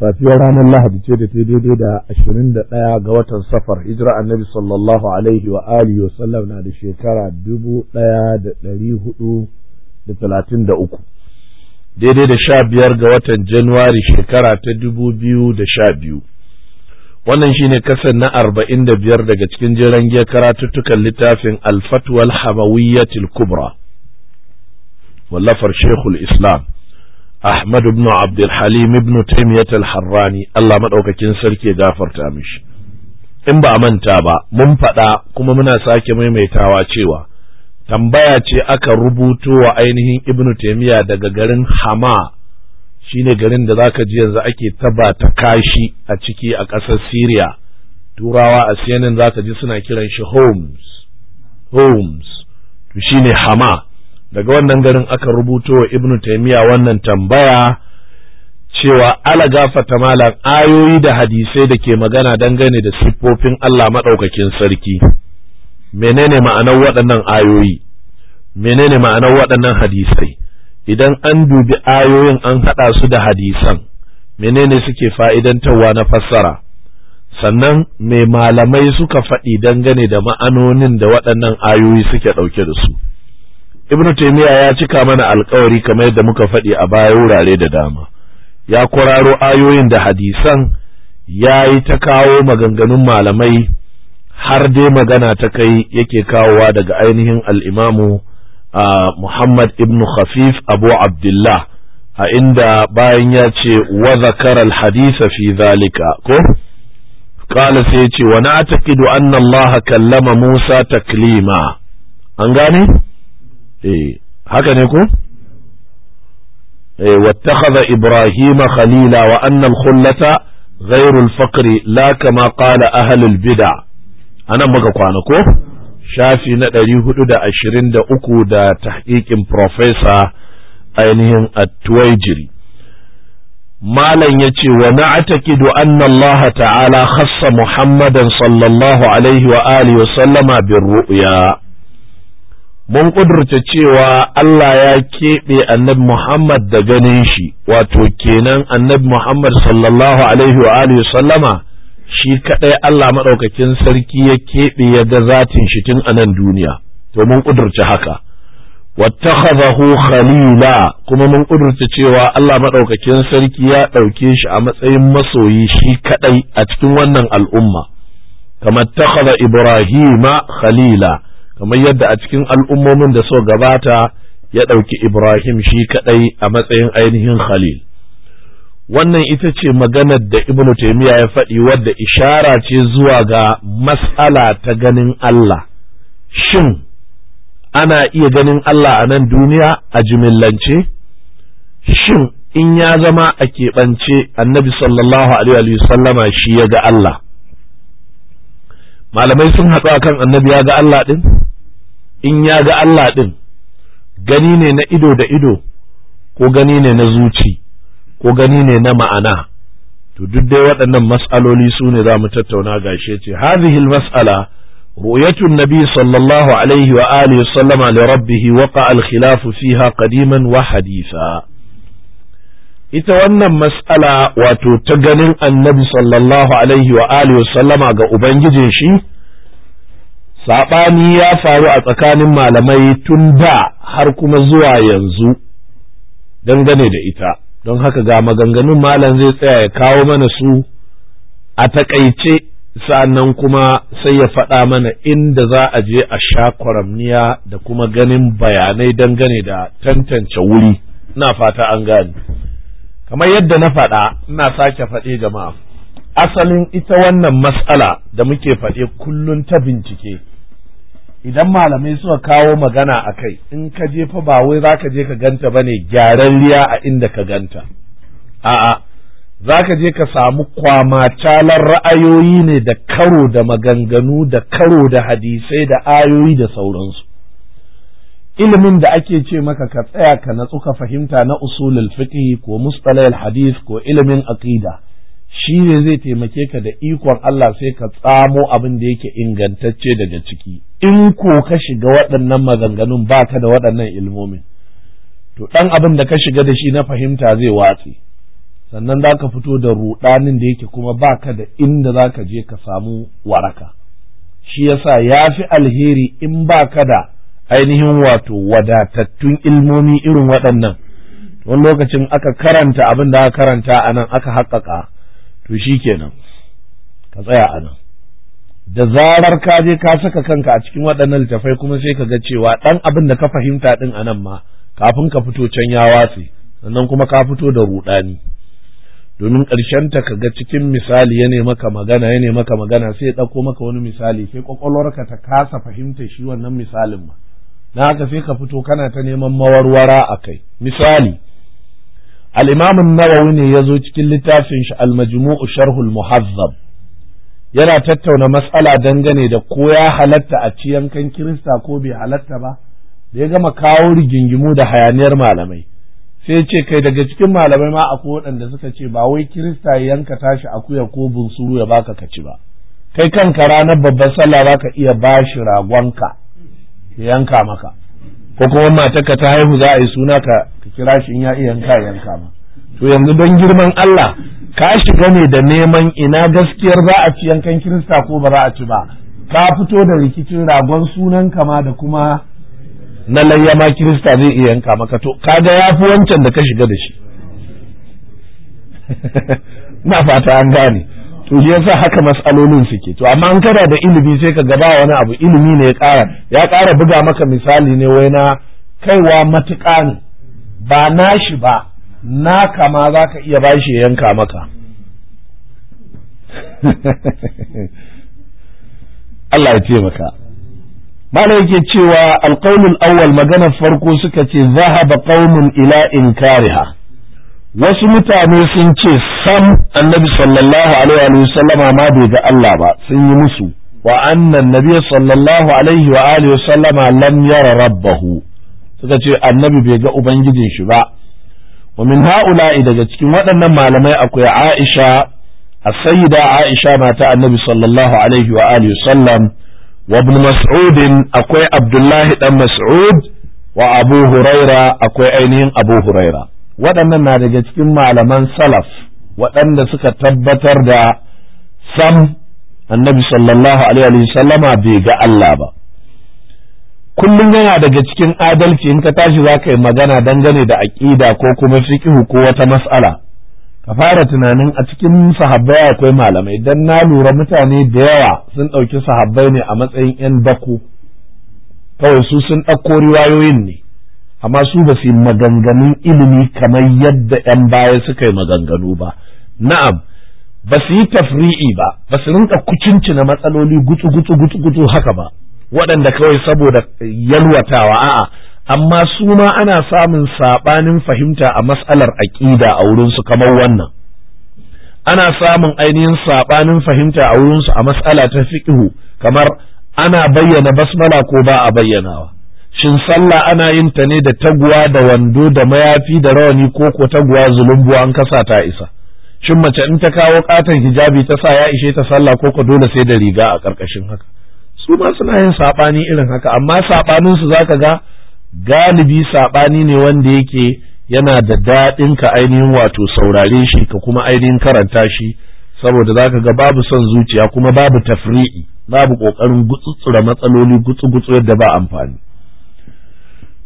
safiyar ranar lahadi ce da ta daidai da ashirin da ɗaya ga watan safar hijira annabi sallallahu alaihi wa alihi wa sallam na da shekara dubu ɗaya da ɗari hudu da talatin da uku daidai da sha biyar ga watan januwari shekara ta dubu biyu da sha biyu wannan shine kasan na arba'in da biyar daga cikin jiran giya karatuttukan littafin alfatwal hamawiyyatil kubra wallafar shekul islam Ahmad ibn Abdul Halim ibn Taymiyyah al-Harrani Allah madaukakin sarki ya gafarta mishi in ba a manta ba mun faɗa kuma muna sake maimaitawa cewa tambaya ce aka rubuto wa ainihin ibn Taymiyyah daga garin Hama shine garin da zaka ji yanzu ake taba ta kashi a ciki a ƙasar Syria turawa a CNN zaka ji suna kiran shi Homs Homs to shine Hama daga wannan garin aka rubuto wa ibnu taimiya wannan tambaya cewa ala gafata malam ayoyi da hadisai da ke magana dangane da siffofin Allah maɗaukakin sarki menene ma'anar waɗannan ayoyi menene ma'anar waɗannan hadisai idan an dubi ayoyin an haɗa su da hadisan menene suke fa'idantarwa na fassara sannan me malamai suka faɗi dangane da ma'anonin da waɗannan ayoyi suke ɗauke da su ibnu taymiya ya cika mana alkawari kamar yadda muka faɗi a baya wurare da dama ya kwararo ayoyin da hadisan ya yi ta kawo maganganun malamai har dai magana ta kai yake kawowa daga ainihin al'imamu Muhammad ibn Khafif Abu Abdullah a inda bayan ya ce wa zakar hadisa fi zalika ko kala sai ce wa na taqidu kallama Musa taklima an gane eh haka ne ko eh wattakhadha ibrahima khalila wa anna al-khullata ghayru al-faqri la kama qala ahli al-bid'a anan muka kwana ko shafi na 423 da tahqiqin professor ainihin at-tuwaijiri malam ya ce wa na'taqidu anna Allah ta'ala khassa Muhammadan sallallahu alaihi wa wa sallama bir ru'ya mun ƙudurta cewa Allah ya keɓe annabi Muhammad da ganin shi wato kenan annabi Muhammad sallallahu alaihi wa alihi sallama shi kaɗai Allah maɗaukakin sarki ya keɓe ya ga zatin shi tun a nan duniya to mun ƙudurta haka wattakhadhahu khalila kuma mun ƙudurta cewa Allah maɗaukakin sarki ya ɗauke shi a matsayin masoyi shi kaɗai a cikin wannan al'umma kamar takhadha Ibrahima khalila kamar yadda a cikin al'ummomin da so gabata ya ɗauki Ibrahim shi kaɗai a matsayin ainihin Khalil. Wannan ita ce maganar da Ibn Taymiyyah ya faɗi wadda ishara ce zuwa ga mas'ala ta ganin Allah. Shin ana iya ganin Allah a nan duniya a jimillance? Shin in ya zama a keɓance annabi sallallahu Alaihi wasallama shi ya ga Allah, malamai sun haɗu kan annabi ya ga Allah ɗin in ya ga Allah ɗin gani ne na ido da ido ko gani ne na zuci ko gani ne na ma'ana to duk dai waɗannan mas'aloli su ne za mu tattauna gashe ce hadhihi mas'ala ru'yatun nabi sallallahu alaihi wa alihi sallama li rabbih waqa al-khilaf fiha qadiman wa haditha ita wannan mas'ala wato ta ganin annabi sallallahu alaihi wa alihi sallama ga ubangijin shi saɓani ya faru a tsakanin malamai tun da har kuma zuwa yanzu dangane da ita don haka ga maganganun malam zai tsaya ya kawo mana su a taƙaice sa'annan kuma sai ya faɗa mana inda za a je a sha kwaramniya da kuma ganin bayanai dangane da tantance wuri na fata an gane kamar yadda na faɗa ina sake faɗe jama'a asalin ita wannan matsala da muke faɗe kullun ta bincike idan malamai suka kawo magana a kai in ka je fa ba wai za ka je ka ganta ba ne gyaran riya a inda ka ganta a'a za ka je ka samu kwamacalar ra'ayoyi ne da karo da maganganu da karo da hadisai da ayoyi da sauransu ilimin da ake ce maka ka tsaya ka natsu ka fahimta na usulul fiqh ko mustalahul hadith ko ilimin aqida shi ne zai taimake ka da ikon Allah sai ka tsamo abin da yake ingantacce daga ciki in ko ka shiga waɗannan ba baka da waɗannan ilmomin to ɗan abin da ka shiga da shi na fahimta zai watsi. sannan za ka fito da ruɗanin da yake kuma baka da inda za ka je ka samu waraka shi yasa ya fi alheri in baka da ainihin wato wadatattun ilmomi irin waɗannan wani lokacin aka karanta abin da aka karanta a nan aka haƙaƙa to shi kenan ka tsaya a nan da zarar ka je ka saka kanka a cikin waɗannan littafai kuma sai ka ga cewa ɗan abin da ka fahimta ɗin a nan ma kafin ka fito can ya watse sannan kuma ka fito da ruɗani domin ta ka ga cikin misali ya maka magana ya maka magana sai ya ɗauko maka wani misali sai ƙwaƙwalwarka ta kasa fahimta shi wannan misalin ma na haka sai ka fito kana ta neman mawarwara a kai misali al'imamin nawawi ne ya zo cikin littafin shi almajmu'u sharhul muhazzab yana tattauna matsala dangane da ko ya halatta a ci yankan kirista ko bai halatta ba da ya gama kawo rigingimu da hayaniyar malamai sai ce kai daga cikin malamai ma akwai waɗanda suka ce ba wai kirista ya yanka tashi akuya ko bunsuru ya baka kaci ba kai kanka ranar babbar sallah zaka iya bashi ragonka yanka maka ko kuma matarka ta haihu za a yi suna ka kira shi in ya iya yanka yanka ma to yanzu don girman Allah ka shiga ne da neman ina gaskiyar za a ci yankan kirista ko ba za a ci ba ka fito da rikicin ragon sunan ma da kuma na layyama kirista zai iya yanka maka to kaga ya fi wancan da ka shiga da shi na fata an gane to shi haka masalolin suke to amma an kana da ilimi sai ka gaba wani abu ilimi ne ya ƙara ya ƙara buga maka misali ne wai na kaiwa matuƙa ne ba nashi ba na kama za ka iya bashi ya yanka maka Allah ya ce maka Malam yake cewa alƙaunin awwal maganar farko suka ce zahaba qaumun ila kariha. wasu mutane sun ce sam annabi sallallahu alaihi wa sallama ma bai ga Allah ba sun yi musu wa annan nabi sallallahu alaihi wa alihi wa sallama lam yara rabbahu suka ce annabi bai ga ubangijin shi ba wa min haula'i daga cikin waɗannan malamai akwai Aisha السيدة عائشة مات النبي صلى الله wa وآله wa وابن مسعود akwai Abdullahi الله Mas'ud wa abu Huraira akwai ainihin abu Huraira. waɗannan na daga cikin malaman salaf waɗanda suka tabbatar da sam annabi sallallahu alaihi sallama bai ga Allah ba kullum yana daga cikin adalci in ka tashi za ka yi magana dangane da aƙida ko kuma fiƙihu ko wata mas'ala ka fara tunanin a cikin sahabbai akwai malamai dan na lura mutane da yawa sun ɗauki sahabbai ne a matsayin 'yan bako kawai su sun ɗauko riwayoyin ne amma su ba su maganganun ilimi kamar yadda 'yan baya suka yi maganganu ba na'am ba su yi tafri'i ba ba su rinka kucincina matsaloli gutsu gutsu gutsu gutsu haka ba waɗanda kawai saboda yalwatawa a'a amma su ma ana samun saɓanin fahimta a matsalar aƙida a wurinsu kamar wannan ana samun ainihin saɓanin fahimta a wurinsu a matsala ta fiƙihu kamar ana bayyana basmala ko ba a bayyanawa shin sallah ana yin ta ne da taguwa da wando da mayafi da rawani ko ko taguwa zulumbu an kasa ta isa shin mace in ta kawo katon hijabi ta sa ya ishe ta sallah ko ko dole sai da riga a karkashin haka su ma suna yin saɓani irin haka amma sabanin su zaka ga galibi saɓani ne wanda yake yana da daɗin ka ainihin wato saurare shi ka kuma ainihin karanta shi saboda zaka ga babu son zuciya kuma babu tafri'i babu kokarin gutsutsura matsaloli gutsu-gutsu yadda ba amfani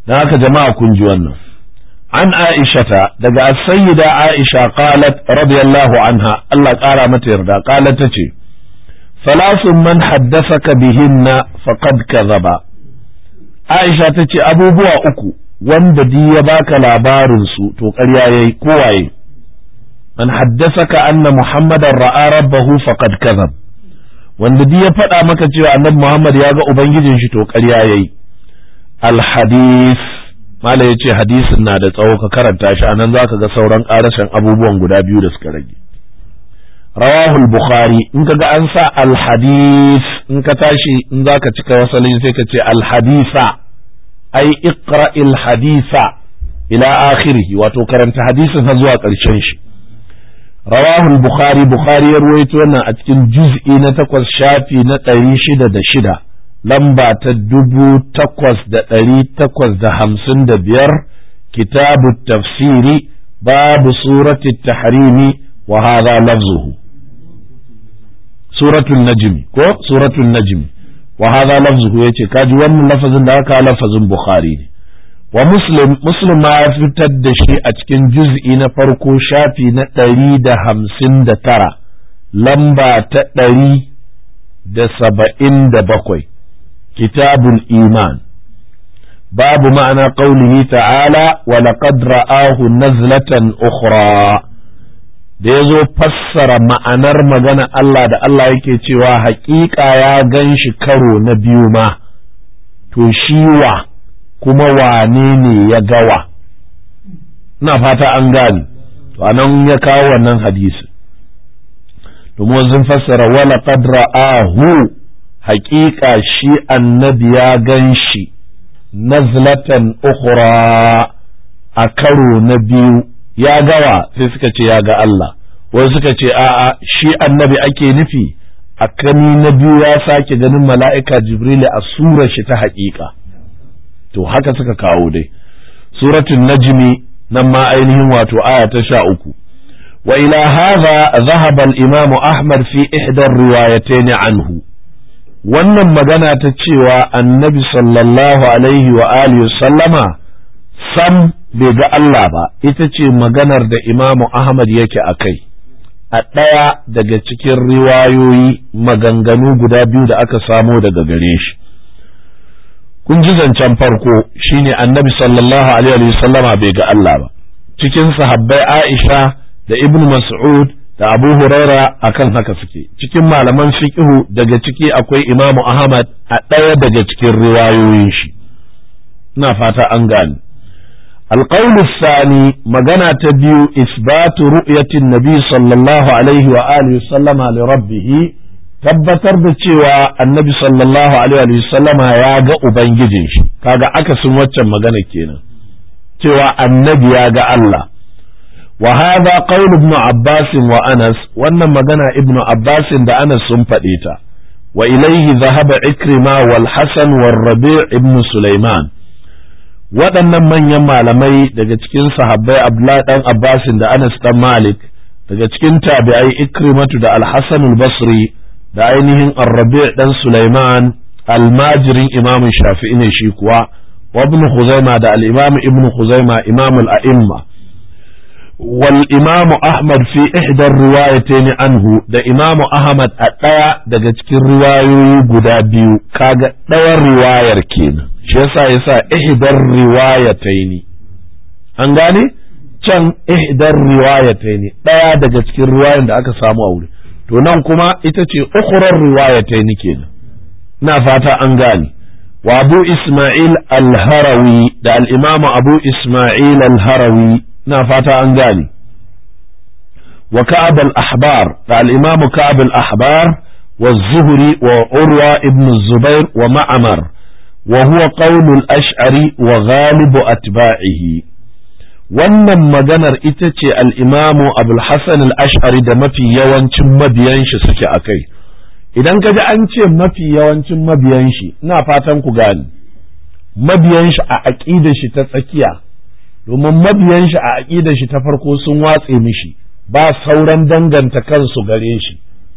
Na haka jama'a kun ji wannan an aishata daga sayyida aisha qalat radiyallahu anha Allah ƙara mata yarda qalat tace salasun man haddasaka bihinna faqad kadhaba aisha tace abubuwa uku wanda di ya baka labarin su to ƙarya yayi kowaye man ka anna muhammadan ra'a rabbahu faqad kadhab wanda di ya faɗa maka cewa annabi muhammad ya ga ubangijin shi to ƙarya yayi alhadis mala ya ce hadisin na da tsawo ka karanta shi anan za ka ga sauran ƙarashin abubuwan guda biyu da suka rage rawahul bukhari in ka ga an sa alhadis in ka tashi in za ka cika wasalin sai ka ce alhadisa ai iqra hadisa ila akhirihi wato karanta hadisin har zuwa ƙarshen shi rawahul bukhari bukhari ya ruwaito wannan a cikin juz'i na takwas shafi na ɗari shida da shida lamba ta dubu takwas da ɗari takwas da hamsin da biyar kitabu tafsiri babu surati tahrimi wa hadha lafzuhu suratul najmi ko suratul najmi wa hadha lafzuhu yace kaji wannan lafazin da aka lafazin bukhari ne wa muslim muslim ma ya fitar da shi a cikin juz'i na farko shafi na ɗari da hamsin da tara lamba ta ɗari da saba'in da bakwai kitabul iman babu ma'ana qaulihi ta'ala wa laqad ra'ahu nazlatan ukhra da ya zo fassara ma'anar magana Allah da Allah yake cewa haƙiƙa ya gan shi karo na biyu ma to shi wa kuma wane ne ya gawa Ina fata an gani to anan ya kawo wannan hadisi domin fassara wala qad haƙiƙa shi annabi ya gan shi nazlatan ukhra a karo na biyu ya gawa sai suka ce ya ga Allah wani suka ce a'a shi annabi ake nufi a kani na biyu ya sake ganin mala'ika jibril a sura shi ta haƙiƙa to haka suka kawo dai suratun najmi nan ma ainihin wato aya ta sha uku wa ila hadha dhahaba al-imam ahmad fi ihda riwayatayn anhu wannan magana ta cewa annabi sallallahu alaihi wa alihi sallama sam bai ga Allah ba ita ce maganar da imamu Ahmad yake a kai a ɗaya daga cikin riwayoyi maganganu guda biyu da aka samo daga gare shi kun ji zancen farko shine annabi sallallahu alaihi wa sallama bai ga Allah ba cikin sahabbai Aisha da ibnu Mas'ud da Abu Huraira akan haka suke cikin malaman fiqhu daga ciki akwai Imamu Ahmad a ɗaya daga cikin riwayoyin shi ina fata an gane القول الثاني مجانا تبيو إثبات رؤية النبي صلى الله عليه وآله وسلم لربه tabbatar da cewa annabi sallallahu alaihi wasallama ya ga ubangijin shi kaga akasin waccan magana kenan cewa annabi ya ga Allah wa hadha qawl ibn wa anas wannan magana Ibnu abbas da anas sun faɗe ta wa ilaihi dhahaba ikrima wal hasan ibn sulaiman waɗannan manyan malamai daga cikin sahabbai Abdullahi dan abbas da anas ɗan malik daga cikin tabi'ai ikrimatu da al-hasan basri da ainihin ar-rabi' dan sulaiman almajirin Imamin imam shafi'i ne shi kuwa wa ibn khuzaima da al-imam ibn khuzaima imam al-a'imma wal imamu ahmad fi ihdar riwayatayn anhu da imamu ahmad a ɗaya daga cikin riwayoyi guda biyu kaga ɗaya riwayar kenan shi yasa yasa ihdar riwayatayn an gane can ihdar riwayatayn ɗaya daga cikin riwayoyin da aka samu a wuri to nan kuma ita ce ukhrar riwayatayn kenan Ina fata an gane wa abu isma'il Alharawi da al-imamu abu isma'il al na fata an gane wa ka'ab al-ahbar da al-imam ka'ab al-ahbar wa zuhri wa urwa ibn zubair wa ma'amar wa huwa qawl al-ash'ari wa ghalib atba'ihi wannan maganar ita ce al-imamu abul hasan al-ash'ari da mafi yawancin mabiyan shi suke akai idan ka ji an ce mafi yawancin mabiyan shi ina fatan ku gane mabiyan shi a aƙidar shi ta tsakiya domin mabiyan shi a aƙidar shi ta farko sun watse mishi ba sauran danganta kansu gare shi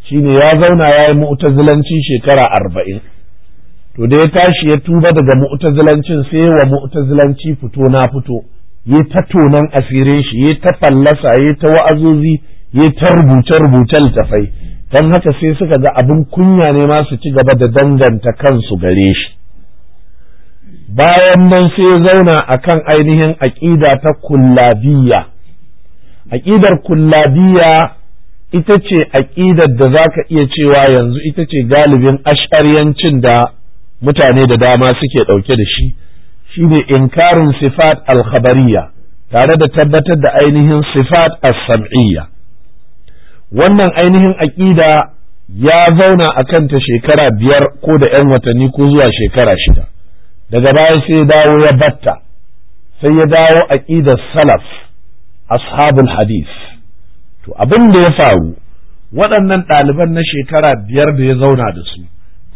shine ya zauna ya yi mu'tazilanci shekara arba'in to da ya tashi ya tuba daga mu'tazilancin sai wa mu'tazilanci fito na fito ya ta tonan asirin shi ya ta fallasa ya ta wa'azozi ya ta rubuce rubuce littafai don haka sai suka ga abin kunya ne ma su ci gaba da danganta kansu gare shi bayan nan sai ya zauna kan ainihin aƙida ta kullabiya aƙidar kullabiya ita ce aƙidar da za ka iya cewa yanzu ita ce galibin yancin da mutane da dama suke ɗauke da shi shi shine inkarin sifat alkhabariya tare da tabbatar da ainihin sifat as-sam'iyya wannan ainihin aƙida ya zauna a kanta shekara biyar ko da 'yan watanni ko zuwa shekara shida daga baya sai ya dawo ya batta sai ya dawo a ƙidar salaf ashabul hadis to abin da ya faru waɗannan ɗaliban na shekara biyar da ya zauna da su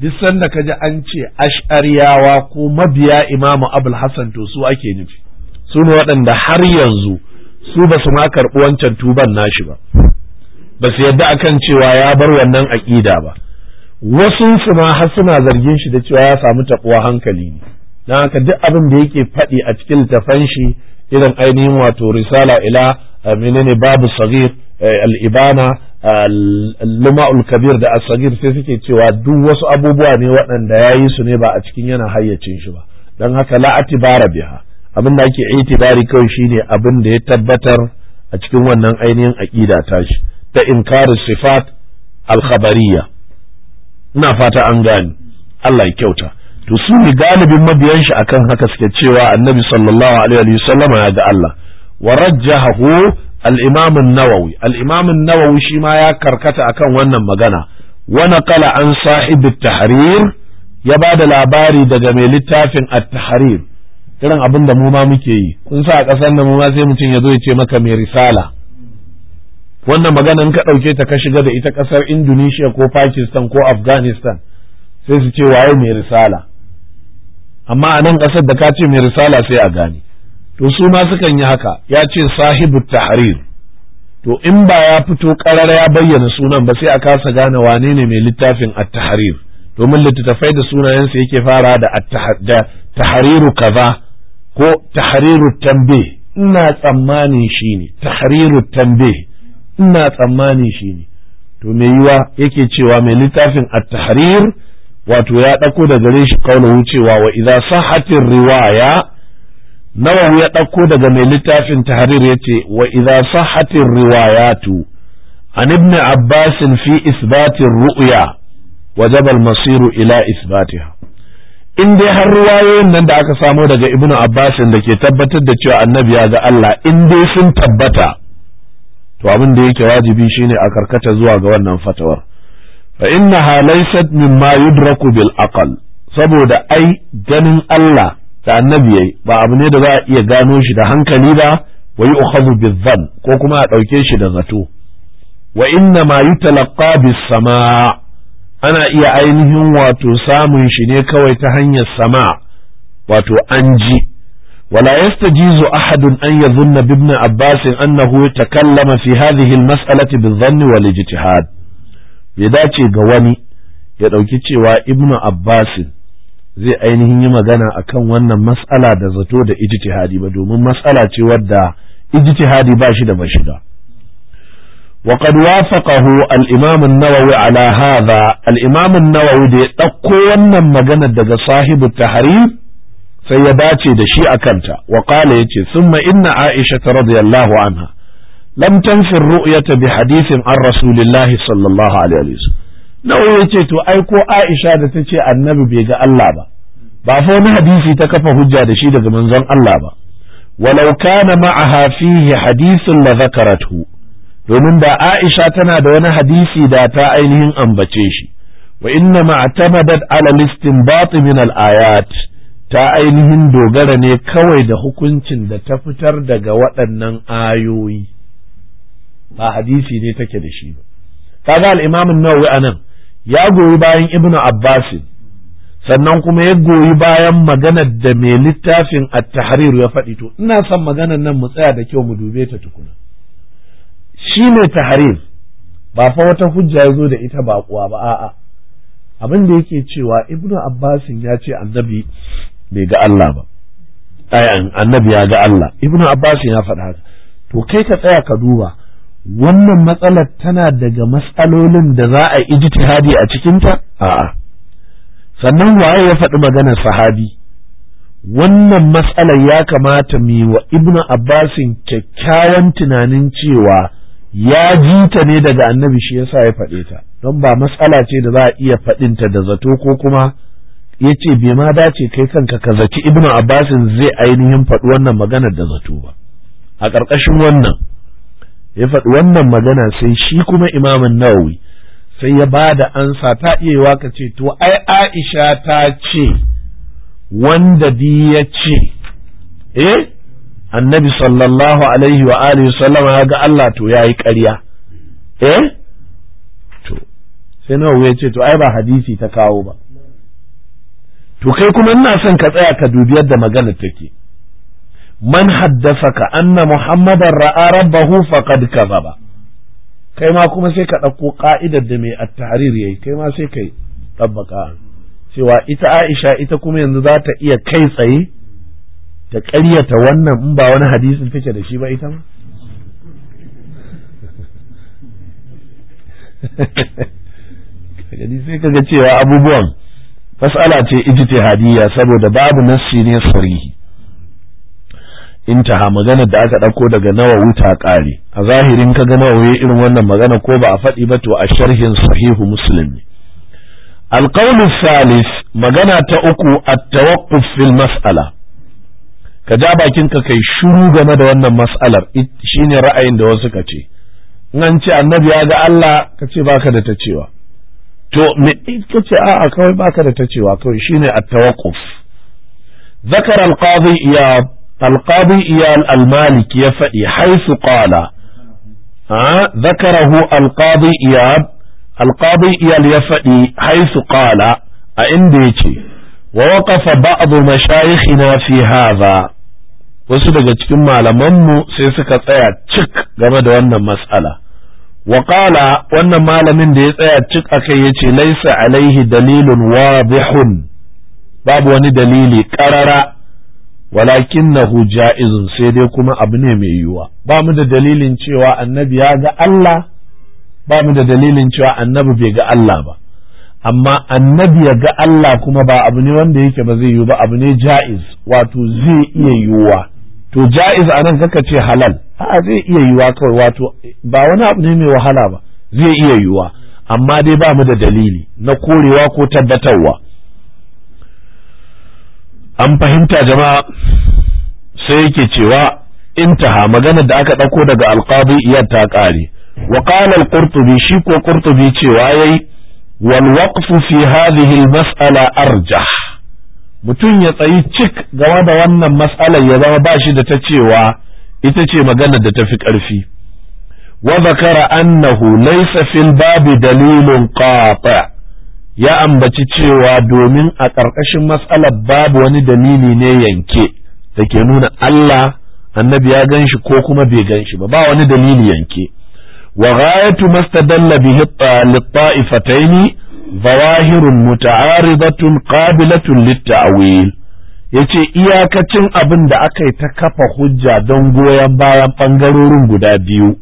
duk sanda kaji an ce ash'ariyawa ko mabiya imamu abul hasan to su ake nufi su ne waɗanda har yanzu su ba su ma karɓi wancan tuban nashi ba ba su yadda akan cewa ya bar wannan aƙida ba wasu su ma har suna zargin shi da cewa ya samu taɓuwa hankali ne don haka duk abin da yake faɗi a cikin tafan shi irin ainihin wato risala ila menene babu sagir eh, al'ibana luma'ul kabir da asagir sai suke cewa duk wasu abubuwa ne waɗanda ya yi su ne ba a cikin yana hayyacin shi ba don haka la'ati bara biha abin da ake itibari kawai shine abin da ya tabbatar a cikin wannan ainihin aƙida shi. ta inkarin sifat alkhabariya ina fata an gani Allah ya kyauta to su ne galibin mabiyan shi akan haka suke cewa annabi sallallahu alaihi sallam ya ga Allah wa rajjahu al-imam an-nawawi al-imam an-nawawi shi ma ya karkata akan wannan magana wa naqala an sahib at-tahrir ya ba da labari daga mai littafin at-tahrir irin abin da mu ma muke yi kun sa a ƙasar nan mu ma sai mutum ya zo ya ce maka mai risala wannan magana in ka ɗauke ta ka shiga da ita ƙasar Indonesia ko Pakistan ko Afghanistan sai su ce waye mai risala amma a nan ƙasar da ka ce mai risala sai a gane to su ma sukan yi haka ya ce sahibu tahrir to in ba ya fito ƙarar ya bayyana sunan ba sai a kasa gane wane ne mai littafin at-tahrir domin littattafai da sunayensa yake fara da tahriru kaza ko tahriru tambe ina tsammanin shi ne tahriru tambe ina tsammani shi ne to me yiwa yake cewa mai littafin at-tahrir wato ya ɗauko da gare shi kaunahu cewa wa idza sahatir riwaya nawa ya ɗauko daga mai littafin tahrir yace wa idza sahatir riwayatu an ibn abbas fi isbatir ru'ya wajaba al-masir ila isbatiha in dai har ruwayoyin nan da aka samo daga ibn abbas da ke tabbatar da cewa annabi ya ga Allah in dai sun tabbata to abin da yake wajibi shine a karkata zuwa ga wannan fatawar fa innaha laysat mimma yudraku bil aqal saboda ai ganin Allah da annabi yayi ba abu ne da za a iya gano shi da hankali ba wa yu'khadhu bil dhann ko kuma a dauke shi da zato wa inna ma yutalaqqa bis sama ana iya ainihin wato samun shi ne kawai ta hanyar sama wato an ji ولا يستجيز أحد أن يظن بابن عباس أنه تكلم في هذه المسألة بالظن والاجتهاد bai dace ga wani ya ɗauki cewa ibnu abbasin zai ainihin yi magana akan wannan matsala da zato da ijtihadi ba domin matsala ce wadda ijtihadi ba shi da mashiga وقد وافقه الإمام النووي على هذا الإمام النووي دي تقوانا مجانا دقى صاحب التحريم سيداتي دشي أكنت وقال يتي ثم إن عائشة رضي الله عنها lam tanfir ya bi hadisin an rasulillahi sallallahu alaihi wasallam nawa yace to aiko Aisha da ta ce annabi bai ga Allah ba ba fa wani hadisi ta kafa hujja da shi daga manzan Allah ba walau kana ma'aha fihi hadithun la zakaratu domin da Aisha tana da wani hadisi da ta ainihin ambace shi wa inna ma'tamadat ala listinbat min al ta ainihin dogara ne kawai da hukuncin da ta fitar daga waɗannan ayoyi ba hadisi ne take da shi ba kaga al-imam an-nawawi anan ya goyi bayan ibnu abbas sannan kuma ya goyi bayan maganar da mai littafin at-tahrir ya faɗi to ina son maganar nan mu tsaya da kyau mu dube ta tukuna shi ne tahrir ba fa wata hujja ya zo da ita ba kuwa ba a'a abin da yake cewa ibnu abbas ya ce annabi bai ga Allah ba annabi ya ga Allah ibnu abbas ya faɗa haka to kai ka tsaya ka duba wannan matsalar tana daga matsalolin da za a iji tihadi a cikinta a'a sannan waye ya faɗi maganar sahabi wannan matsalar ya kamata mai wa ibnu abbasin kyakkyawan tunanin cewa ya ji ta ne daga annabi shi yasa ya faɗe ta don ba matsala ce da za a iya faɗinta da zato ko kuma ya ce bai ma dace kai kanka ka zaki ibnu abbasin zai ainihin faɗi wannan maganar da zato ba a ƙarƙashin wannan ya faɗi wannan magana sai shi kuma imamin nawawi sai ya ba da ansa ta iyewa ka ce to ai aisha ta ce wanda bi ya ce eh annabi sallallahu alaihi wa alihi sallama ya ga Allah to ya yi ƙarya eh to sai nawawi ya ce to ai ba hadisi ta kawo ba to kai kuma ina son ka tsaya ka dubi yadda magana take man haddasa haddasaka anna muhammadan ra'a rabbahu faqad kazaba kai ma kuma sai ka ɗauko ka'idar da mai at-tahrir yayi kai ma sai kai tabbaka cewa ita Aisha ita kuma yanzu za ta iya kai tsaye ta ƙaryata wannan in ba wani hadisin take da shi ba ita ma gani sai kaga cewa abubuwan fasala ce ijtihadiyya saboda babu nassi ne sarihi intaha maganar da aka ɗauko daga nawawi ta ƙare a zahirin ka ga nawawi irin wannan magana ko ba a faɗi ba to a sharhin sahihu muslim ne القول salis magana ta uku at-tawaqquf fil mas'ala ka ja bakin ka kai shiru game da wannan mas'alar shine ra'ayin da wasu ka ce in an ce annabi ya ga Allah ka ce baka da ta cewa to me kace ce a'a kawai baka da ta cewa kawai shine at-tawaqquf ذكر القاضي إياب alqadi iyal al-malik ya faɗi haisu qala ذكره القاضي إياب القاضي إياب يفدي حيث قال أئنديتي ووقف بعض مشايخنا في هذا wasu daga cikin malamanmu sai suka tsaya cik game da wannan matsala waƙala wannan malamin da ya tsaya cik a kai ya ce laisa alaihi dalilun wadihun babu wani dalili ƙarara walakin na ja'izun sai dai kuma abu ne mai yiwuwa ba mu da dalilin cewa annabi ya ga Allah ba mu da dalilin cewa annabi bai ga Allah ba amma annabi ya ga Allah kuma ba abu ne wanda yake ba zai yiwu ba abu ne ja'iz wato zai iya yiwuwa to ja'iz a nan kaka ce halal a zai iya yiwuwa kawai wato ba wani abu ne mai wahala ba zai iya yiwuwa amma dai ba mu da dalili na korewa ko tabbatarwa an fahimta jama'a sai yake cewa intaha magana da aka ɗauko daga alqadi iya ta ƙare wa qala shi ko qurtubi cewa yayi wal waqfu fi hadhihi al-mas'ala arjah mutum ya tsayi cik game da wannan mas'alar ya zama ba shi da ta cewa ita ce magana da ta fi ƙarfi wa zakara annahu laysa fil babi dalilun qati' ya ambaci cewa domin a ƙarƙashin matsalar babu wani dalili ne yanke da ke nuna Allah annabi ya gan shi ko kuma bai gan shi ba ba wani dalili yanke wa ghayatu mastadalla bihi lit taifatayn zawahirun muta'aridatun qabilatun lit-ta'wil yace iyakacin abin da aka ta kafa hujja don goyon bayan bangarorin guda biyu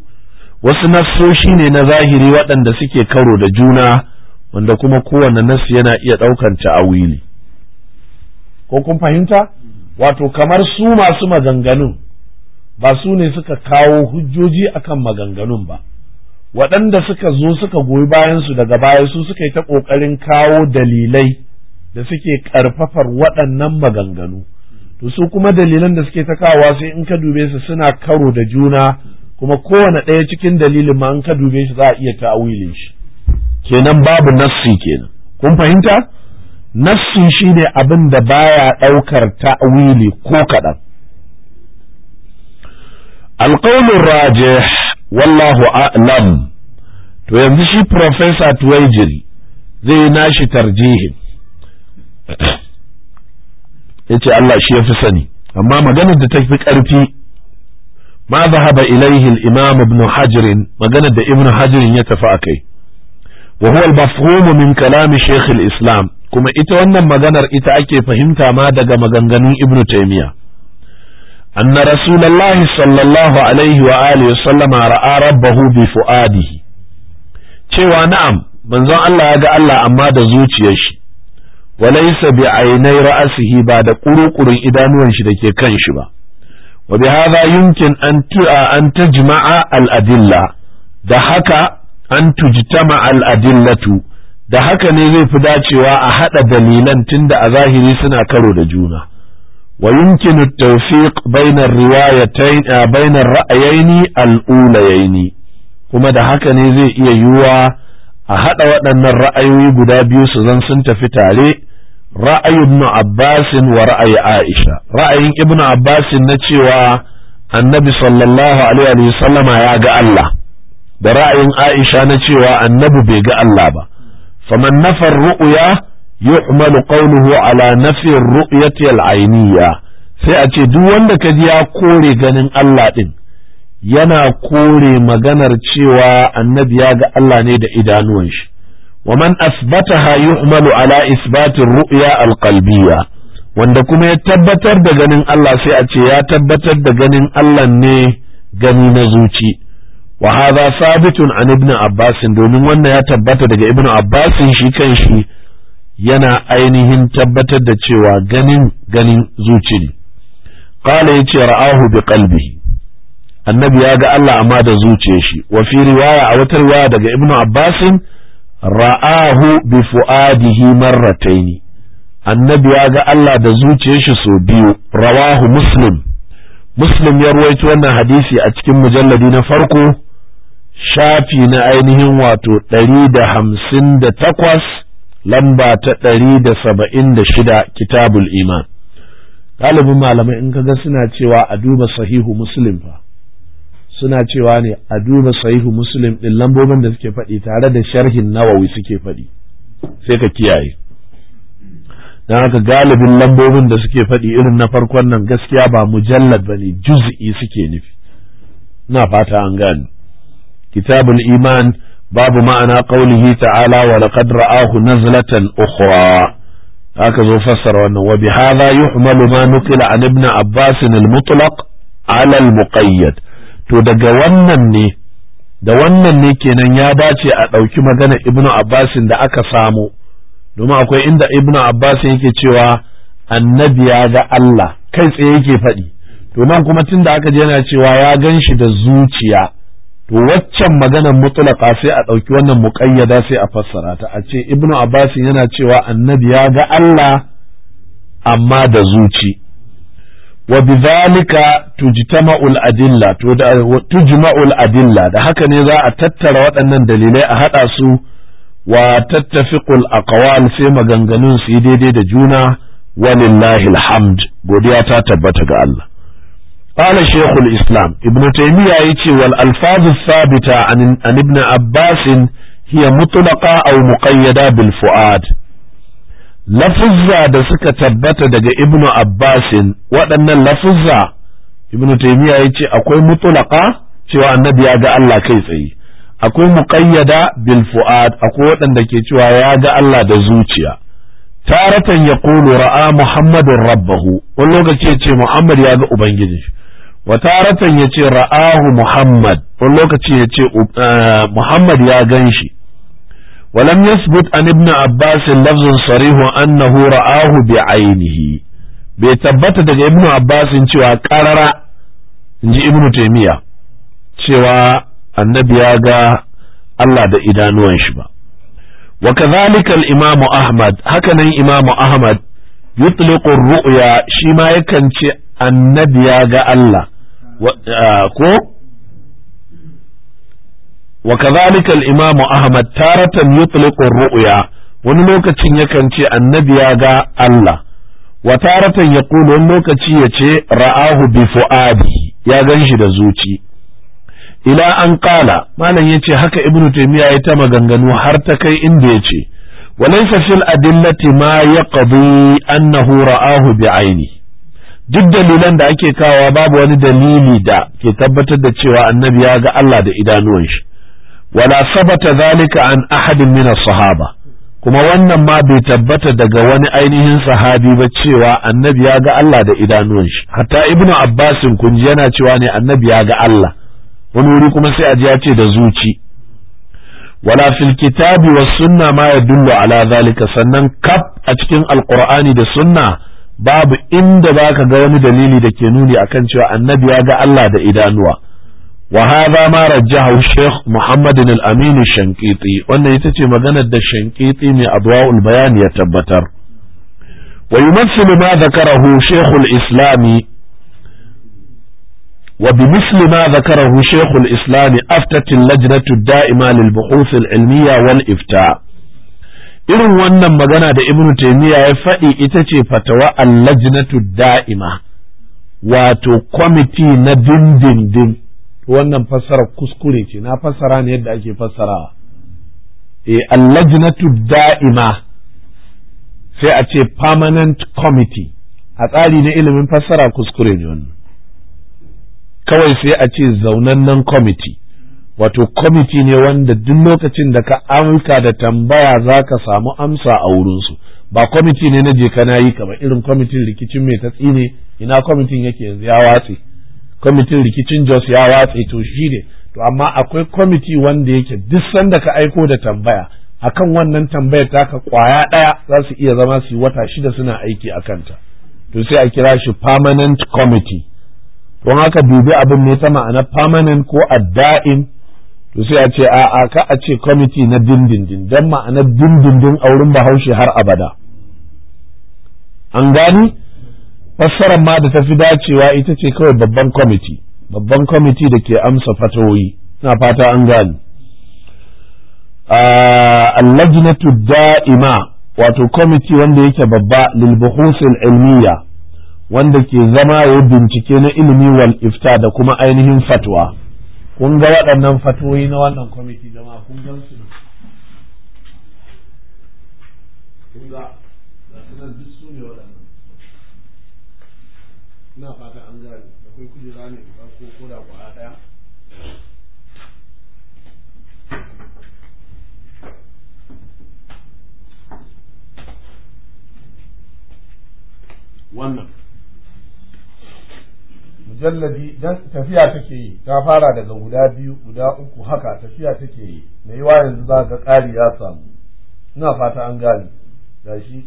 wasu nassoshi ne na zahiri waɗanda suke karo da juna wanda kuma kowane nasu yana iya ɗaukan ta'awili ko kun fahimta wato kamar su masu maganganun ba su ne suka kawo hujjoji akan maganganun ba waɗanda suka zo suka goyi bayansu daga baya su suka yi ta ƙoƙarin kawo dalilai da suke ƙarfafar waɗannan maganganu to su kuma dalilan da suke ta kawo sai in ka dube su suna karo da juna kuma kowane ɗaya cikin dalilin ma in ka dube shi za a iya ta'awilin shi kenan babu nassi kenan kun fahimta nassi shine abin da baya ɗaukar ta'wili ko kaɗan alƙaunin Raje wallahu a'lam to yanzu shi professor tuwaijiri zai yi nashi tarjihin ya ce Allah shi ya fi sani amma maganar da ta fi ƙarfi ma zahaba ilaihi imam ibn maganar da ibn hajirin ya tafi a kai wa huwa al-mafhum min islam kuma ita wannan maganar ita ake fahimta ma daga maganganun ibn taymiya anna rasulullah sallallahu alaihi wa alihi wa sallama ra'a rabbahu bi cewa na'am manzon Allah ya ga Allah amma da zuciyar shi walaysa bi ainai ra'asihi ba da kurukurun idanuwan da ke kan shi ba wa bi hadha yumkin an tu'a an tajma'a al-adilla da haka an tujtama al-adillatu da haka ne zai fi dacewa a haɗa dalilan tunda a zahiri suna karo da juna wa yumkinu tawfiq bainar riwayatayn bainar ra'ayaini al kuma da haka ne zai iya yiwuwa a haɗa waɗannan ra'ayoyi guda biyu su zan sun tafi tare ra'ayin ibn Abbas wa ra'ayi Aisha ra'ayin ibn Abbas na cewa annabi sallallahu alaihi wa sallama ya ga Allah da ra'ayin Aisha na cewa annabi bai ga Allah ba faman nafar ru'ya yuhmalu qawluhu ala nafi ru'yati al-ainiyya sai a ce duk wanda ka ji ya kore ganin Allah din yana kore maganar cewa annabi ya ga Allah ne da idanuwan shi wa man asbataha yu'malu ala isbatir ru'ya al-qalbiyya wanda kuma ya tabbatar da ganin Allah sai a ce ya tabbatar da ganin Allah ne gani na zuci wa hadha sabitun an ibn abbas domin wanda ya tabbata daga ibn abbas shi kanshi yana ainihin tabbatar da cewa ganin ganin zuci ne qala yace ra'ahu bi qalbihi annabi ya ga Allah amma da zuciyar shi wa riwaya a wata riwaya daga ibn abbas ra'ahu bi fuadihi marrataini annabi ya ga Allah da zuciyar shi so biyu rawahu muslim muslim ya ruwaito wannan hadisi a cikin mujalladi na farko shafi na ainihin wato ɗari da hamsin da takwas lamba ta ɗari da saba'in da shida kitabul iman ɗalibin malamai in kaga suna cewa a duba sahihu muslim fa suna cewa ne a duba sahihu muslim ɗin lambobin da suke faɗi tare da sharhin nawawi suke faɗi sai ka kiyaye don haka galibin lambobin da suke faɗi irin na farkon nan gaskiya ba mujallad ba ne juz'i suke nufi ina fata an gane kitabul iman babu ma'ana qaulihi ta'ala wa laqad ra'ahu nazlatan ukhra haka zo fassara wannan wa bihadha yuhmalu ma nuqila an ibn abbas al-mutlaq ala al to daga wannan ne da wannan ne kenan ya dace a ɗauki magana ibnu abbasin da aka samu domin akwai inda ibnu abbasin yake cewa annabi ya ga Allah kai tsaye yake faɗi to nan kuma tun da aka je yana cewa ya gan shi da zuciya waccan maganar mutulaka sai a ɗauki wannan muƙayyada sai a fassara ta a ce ibnu abbas yana cewa annabi ya ga Allah amma da zuci wa bidhalika tujtama'ul adilla to da tujma'ul adilla da haka ne za a tattara waɗannan dalilai a hada su wa tattafiqul aqwal sai maganganun su yi daidai da juna walillahi alhamd godiya ta tabbata ga Allah قال شيخ الإسلام ابن تيمية يتي alfazu sabita عن, عن ابن عباس هي مطلقة أو مقيدة بالفؤاد lafuzza da suka tabbata daga ibnu abbasin waɗannan lafuzza ibnu taimiyya ya ce akwai mutulaƙa cewa annabi ya ga Allah kai tsaye akwai muqayyada bil fu'ad akwai waɗanda ke cewa ya ga Allah da zuciya taratan ya kulu ra'a Muhammadu rabbahu wani lokaci ya ce muhammad ya ga ubangiji wataratan taratan ya ce ra'ahu muhammad wani lokaci ya ce eh, muhammad ya gan shi ولم يثبت Abbasin lafzin عباس annahu ra'ahu bi ainihi bai tabbata daga ابن abbasin cewa in ji ibnu taimiya cewa annabi ya ga Allah da idanuwan shi ba wa kadhalika al-imam ahmad hakanan imam ahmad yutliqu ar-ru'ya shi ma yakan ce annabi ya ga Allah Ah, ko wa kadhalika al-imam Ahmad taratan yutliqu ar-ru'ya wani lokacin yakan ce annabi ya ga Allah wa taratan yaqulu wani lokaci yace ra'ahu bi fu'adi ya ganshi da zuci ila an qala malam yace haka ibnu taymiya ya ta maganganu har ta kai inda yace wa laysa fil adillati ma yaqdi annahu ra'ahu bi 'aini duk dalilan da ake kawa babu wani dalili da ke tabbatar da cewa annabi ya ga Allah da idanuwan shi wala sabata zalika an ahadin min sahaba kuma wannan ma bai tabbata daga wani ainihin sahabi ba cewa annabi ya ga Allah da idanuwan shi hatta ibnu abbasin kun yana cewa ne annabi ya ga Allah wani wuri kuma sai a ji ya ce da zuci wala fil kitabi was sunna ma yadullu ala zalika sannan kaf a cikin alqur'ani da sunna babu inda za ka ga wani dalili da ke nuni a kan cewa annabi ya ga Allah da idanuwa wa hadha ma rajjahu Sheikh Muhammad al-Amin Shankiti wannan ita ce maganar da Shankiti mai adwaul bayan ya tabbatar wa yumathilu ma dhakarahu Sheikh al-Islami وبمثل ما ذكره شيخ daima أفتت اللجنة الدائمة للبحوث irin wannan magana da ibn taymiya ya faɗi ita ce fatawa allajnatu da'ima wato kwamiti na dindindin wannan fassara kuskure ce na fassara ne yadda ake fassarawa e allajnatu da'ima sai a ce permanent committee a tsari na ilimin fassara kuskure ne wannan kawai sai a ce zaunannen kwamiti wato kwamiti ne wanda duk lokacin da ka amka da tambaya za ka samu amsa a wurinsu ba kwamiti ne na je kana yi kama. irin kwamitin rikicin mai tatsi ne ina kwamitin yake yanzu ya watse kwamitin rikicin jos ya watse to shi ne to amma akwai kwamiti wanda yake duk sanda ka aiko da tambaya akan wannan tambayar ka kwaya ɗaya za su iya zama su yi wata shida suna aiki a kanta to sai a kira shi permanent committee don haka dubi abin ne ta ma'ana permanent ko a da'in. to sai a ce a'a ka a ce kwamiti na dindindin don ma'anar dindindin a wurin bahaushe har abada an gani fassarar ma da tafi dacewa ita ce kawai babban kwamiti babban kwamiti da ke amsa fatoyi na fata an gani allajnatu da'ima wato kwamiti wanda yake babba lilbuhusil ilmiya wanda ke zama ya bincike na ilimi wal ifta da kuma ainihin fatwa kun ga waɗannan fatoyi na wannan kwamiti jama'a kun gan su kun ga nan duk su ne waɗannan ina fata an gane akwai kujera ne ba ko da kwaya ɗaya wannan mujalladi dan tafiya take yi ta fara daga guda biyu guda uku haka tafiya take yi mai yawa yanzu za ga ƙari ya samu ina fata an gane gashi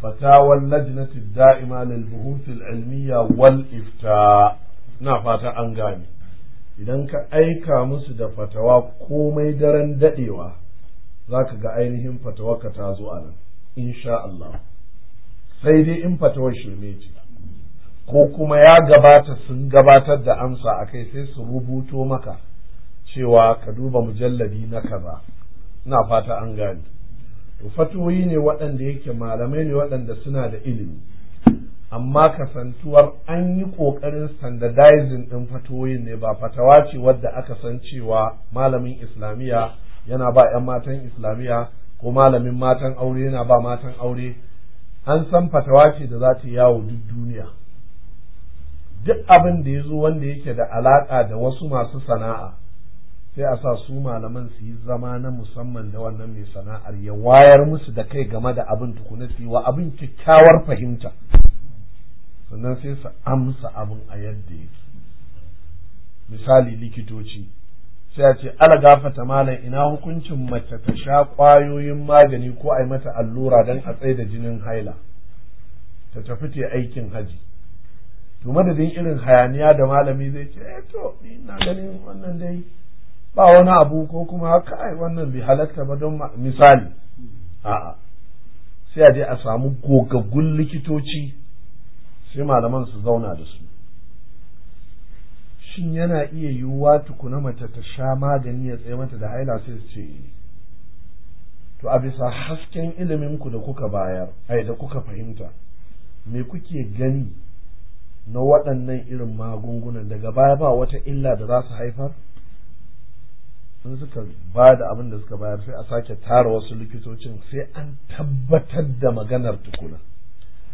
fatawar lajnati da'ima lil al ilmiya wal ifta ina fata an gane idan ka aika musu da fatawa komai daren dadewa zaka ga ainihin fatawarka ta zo a nan insha Allah sai dai in fatawar shirme ce ko kuma ya gabata sun gabatar da amsa a kai sai su rubuto maka cewa ka duba mujallabi na kaza ina fata an gani. to fatoyi ne waɗanda yake malamai ne waɗanda suna da ilimi amma kasantuwar an yi ƙoƙarin standardizing ɗin fatoyin ne ba fatawa ce wadda aka san cewa malamin islamiyya yana ba 'yan matan islamiyya ko malamin matan aure yana ba matan aure an san fatawa ce da za ta yawo duk duniya duk abin da ya zo wanda yake da alaƙa da wasu masu sana'a sai a sa su malaman su yi zama na musamman da wannan mai sana'ar ya wayar musu da kai game da abin tukuna su yi wa abin kyakkyawar fahimta sannan sai su amsa abin a yadda yake misali likitoci sai a ce ala gafata malam ina hukuncin mace ta sha ƙwayoyin magani ko a yi mata allura don a tsaye da jinin haila ta tafi ta aikin haji to madadin irin hayaniya da malami zai ce eh to ni ganin wannan dai ba wani abu ko kuma kai wannan bai halatta ba don misali a'a sai a je a samu gogaggun likitoci sai malaman su zauna da su shin yana iya yiwuwa tukuna mace ta sha magani ya tsaye mata da haila sai su ce eh. to a bisa hasken ilimin ku da kuka bayar ai da kuka fahimta me kuke gani na waɗannan irin magungunan daga baya ba wata illa da za su haifar sun suka ba da abin da suka bayar sai a sake tara wasu likitocin sai an tabbatar da maganar tukuna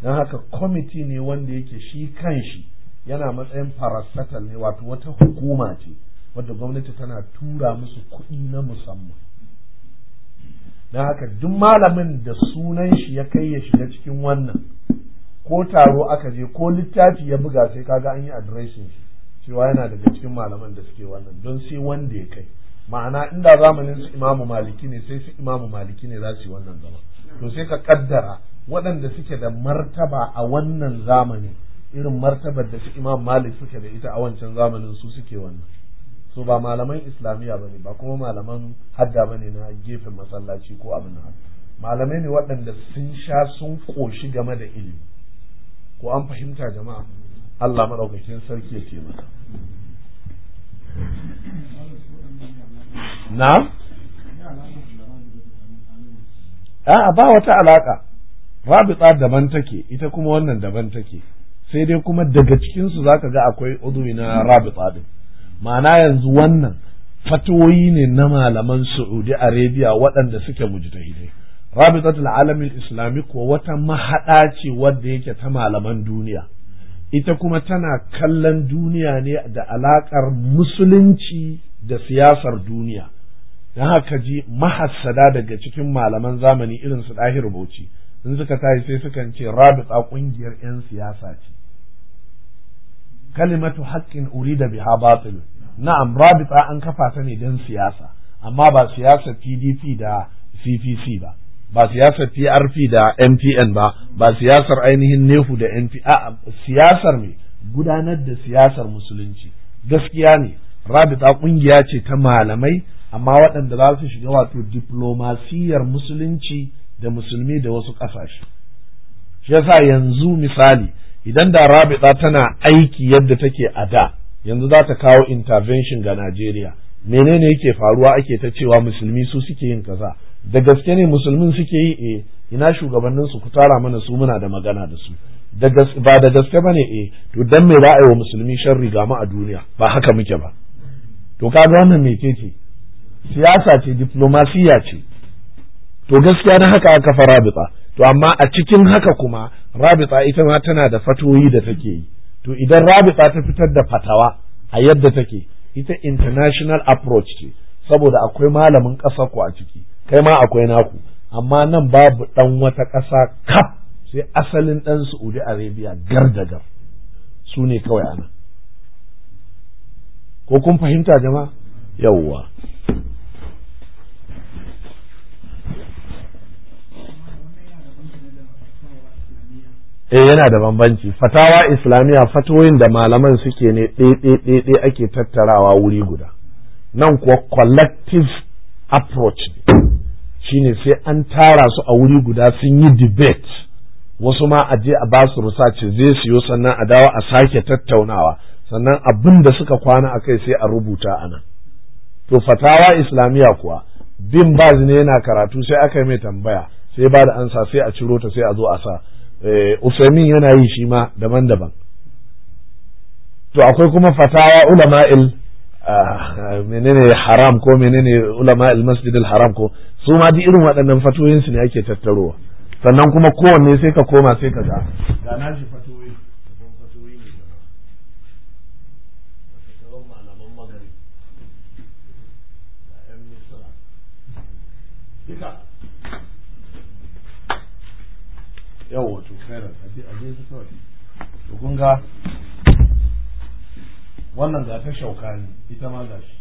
don haka kwamiti ne wanda yake shi kanshi, yana matsayin farasatal ne wato wata hukuma ce wadda gwamnati tana tura musu kuɗi na musamman don haka duk malamin da sunan shi ya kai ya shiga cikin wannan ko taro aka je ko littafi ya buga sai kaga an yi adireshin shi cewa yana daga cikin malaman da suke wannan don sai wanda ya kai ma'ana inda zamanin su imamu maliki ne sai su imamu maliki ne za su yi wannan zama to sai ka kaddara waɗanda suke da martaba a wannan zamani irin martabar da su imam malik suke da ita a wancan zamanin su suke wannan so ba malaman islamiyya ba ne ba kuma malaman hadda ba ne na gefen masallaci ko abin malamai ne waɗanda sun sha sun ƙoshi game da ilimi ko an fahimta jama'a Allah maɗaukakin sarki ya ce masa na a'a ba wata alaka rabita daban take ita kuma wannan daban take sai dai kuma daga cikinsu za ka ga akwai udumi na rabita din ma'ana yanzu wannan fatoyi ne na malaman Saudi Arabia waɗanda suke mujtahidai rabitatul alamin islami ko wata mahaɗa ce wadda yake ta malaman duniya ita kuma tana kallon duniya ne da alaƙar musulunci da siyasar duniya don haka ji mahassada daga cikin malaman zamani irin su ɗahir boci. in suka tashi sai sukan ce rabita ƙungiyar 'yan siyasa ce kalimatu haƙƙin urida biha batil na'am rabita an kafa ta ne dan siyasa amma ba siyasa pdp da cpc ba ba siyasar PRP da MPN ba ba siyasar ainihin nefu da NP a siyasar mai gudanar da siyasar musulunci gaskiya ne rabita kungiya ce ta malamai amma waɗanda za su shiga wato diplomasiyar musulunci da musulmi da wasu ƙasashe shi yasa yanzu misali idan da rabita tana aiki yadda take a da yanzu za ta kawo intervention ga Najeriya menene yake faruwa ake ta cewa musulmi su suke yin kaza da gaske ne musulmin suke yi e ina shugabannin su ku tara mana su muna da magana da su ba da gaske bane e eh. to dan me ba a wa musulmi sharri ga mu a duniya ba haka muke ba to kaga wannan me ce siyasa ce diplomasiya ce to gaskiya na haka aka fara bita to amma a cikin haka kuma rabita ita ma tana da fatoyi da take yi to idan rabita ta fitar da fatawa a yadda take ita international approach ce saboda akwai malamin ƙasar ku a ciki kai ma akwai naku amma nan babu ɗan wata ƙasa kaf sai asalin ɗan Saudi Arabia gar da gar su ne kawai ana ko kun fahimta jama'a yawwa eh yana da bambanci fatawa islamiyya fatoyin da malaman suke ne ɗaiɗaiɗaiɗai ake tattarawa wuri guda nan kuwa collective approach ne shine sai an tara su a wuri guda sun yi debate wasu ma a je a ba su research zai siyo sannan a dawo a sake tattaunawa sannan abin da suka kwana a kai sai a rubuta a nan to fatawa islamiyya kuwa bin ba ne yana karatu sai aka yi mai tambaya sai ba da ansa sai a ciro ta sai a zo a sa eh, usaimin yana yi shi ma daban-daban to akwai kuma fatawa ulama'il menene haram ko menene ulama al-masjid al-haram ko su ma duk irin waɗannan fatoyin su ne ake tattarowa sannan kuma kowanne sai ka koma sai ka ga ga nashi fatoyi yawon to kairar aje su kawai to kun ga wannan ga ta shaukani ita ma shi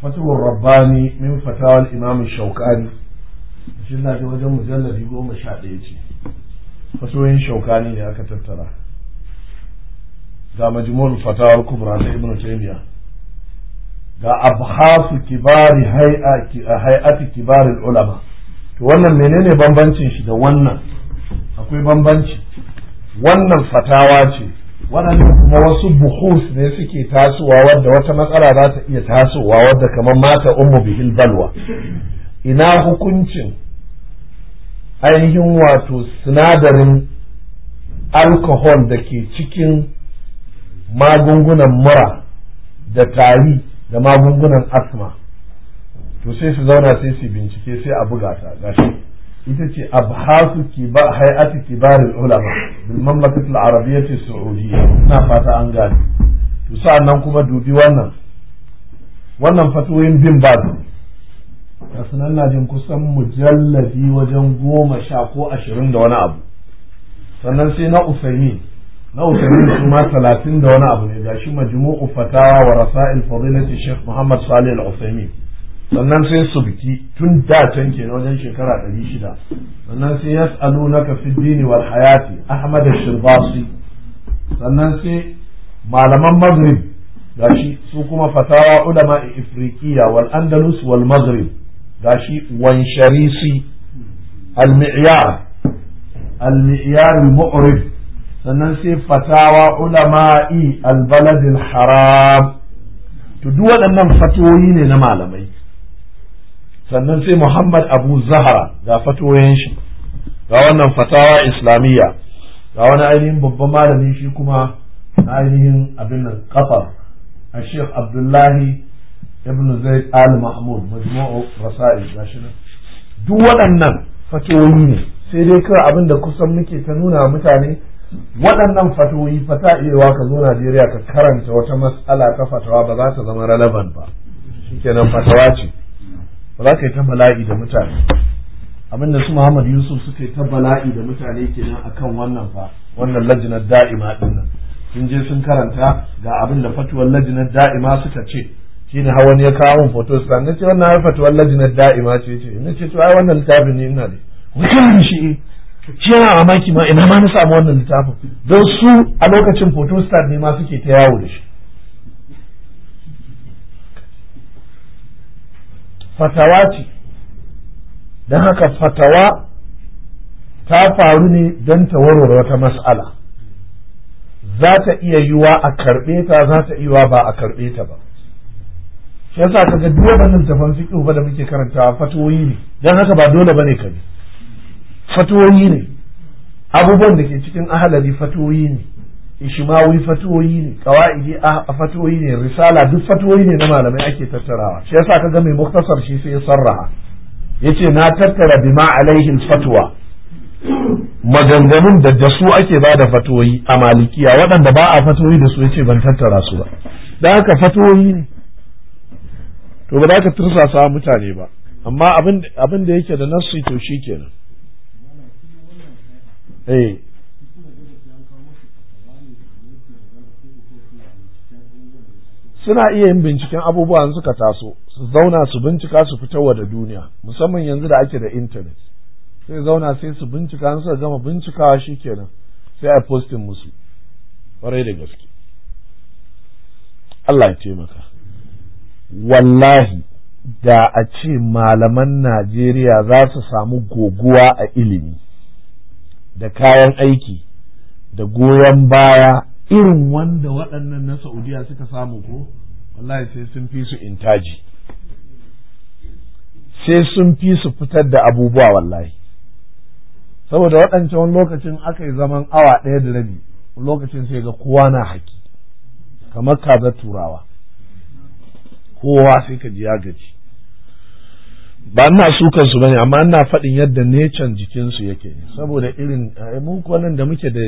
fatuwar rabbani min fatawar imamin shaukani shi na ji wajen mujalladi goma sha ɗaya ce fatuwar shaukani ne aka tattara ga majmul fatawar kubra ta ibn taymiya ga abhasu kibari hay'ati kibarin ulama to wannan menene bambancin shi da wannan akwai bambanci wannan fatawa ce waɗannan kuma wasu buhus ne suke tasowa wadda wata matsala za ta iya tasowa wadda kamar mata umu bihil balwa ina hukuncin ainihin wato sinadarin alkohol da ke cikin magungunan mura da tari da magungunan asma to sai su zauna sai su bincike sai a buga ta gashi ita ce abhasu kibar hay'atu kibar ulama bil mamlakatil arabiyyati saudiyya ina fata an gane to nan kuma dubi wannan wannan fatoyin bin babu ga sunan na jin kusan mujalladi wajen goma sha ko ashirin da wani abu sannan sai na usaimin na usaimin su ma talatin da wani abu ne gashi majmu'u fatawa wa rasa'il fadilati sheikh muhammad salih al sannan sai su biki tun da can ke wajen shekara ɗari shida sannan sai yas'alu na kafin dini wal hayati ahmad shirbasi sannan sai malaman maghrib gashi su kuma fatawa ulama ifriqiya wal andalus wal maghrib gashi wansharisi al mi'yar al mi'yar al sannan sai fatawa ulama'i al balad al haram to duk waɗannan fatoyi ne na malamai sannan sai muhammad abu Zahra ga fatoyin shi ga wannan fatawa islamiyya ga wani ainihin babban malami shi kuma na ainihin abin nan kafar a sheikh abdullahi ibn zaid al mahmud majmu'u rasail gashi nan duk waɗannan fatoyi ne sai dai kawai abin da kusan muke ta nuna mutane waɗannan fatoyi fa ta iya ka zo Najeriya ka karanta wata matsala ta fatawa ba za ta zama relevant ba shikenan fatawa ce ba za ka yi ta bala'i da mutane abin da su Muhammad Yusuf suka yi ta bala'i da mutane kenan akan wannan fa wannan lajinar da'ima din nan sun je sun karanta ga abin da fatuwar lajinar da'ima suka ce shi ne hawan ya kawo min photos ne ce wannan ai fatuwar lajinar da'ima ce ce ce to ai wannan littafin ne ina ne. wannan shi ce yana mamaki ma ina ma na samu wannan littafin don su a lokacin photostat ne ma suke ta yawo da shi fatawa ce don haka fatawa ta faru ne don ta warware wata mas'ala za ta iya yiwa a karɓe ta za ta wa ba a karɓe ta ba shi yasa ka ga duwa waɗannan tafan fiqh ba da muke karantawa fatoyi ne don haka ba dole ba ne ka bi fatoyi ne abubuwan da ke cikin ahalari fatoyi ne wai fatoyi ne kawaidi ah, a fatoyi ne risala duk fatoyi ne na malamai ake tattarawa shi yasa kaga mai muktasar shi sai ya sarraha yace na tattara bima alaihi fatwa maganganun da da ake ba da fatoyi a malikiya waɗanda ba a fatoyi da su yace ban tattara su ba dan haka fatoyi ne to ba za ka tursasa mutane ba amma abin da yake da nasu to shikenan eh suna iya yin binciken abubuwan suka taso su zauna su bincika su wa da duniya musamman yanzu da ake da intanet sai zauna sai su bincika suka gama bincikawa shikenan sai a postin musu kwarai da gaske Allah ya taimaka wallahi da a ce malaman Najeriya za su samu goguwa a ilimi da kayan aiki da goyon baya irin wanda waɗannan na Saudiya suka samu ko wallahi sai sun fi su intaji sai sun fi su fitar da abubuwa wallahi saboda waɗancan lokacin aka yi zaman awa ɗaya da rabi lokacin sai ga kowa na haki kamar kaza turawa kowa sai ka ji ya gaji ba ina sukan su bane amma ina faɗin yadda necan jikinsu yake saboda irin eh, mu nan da muke da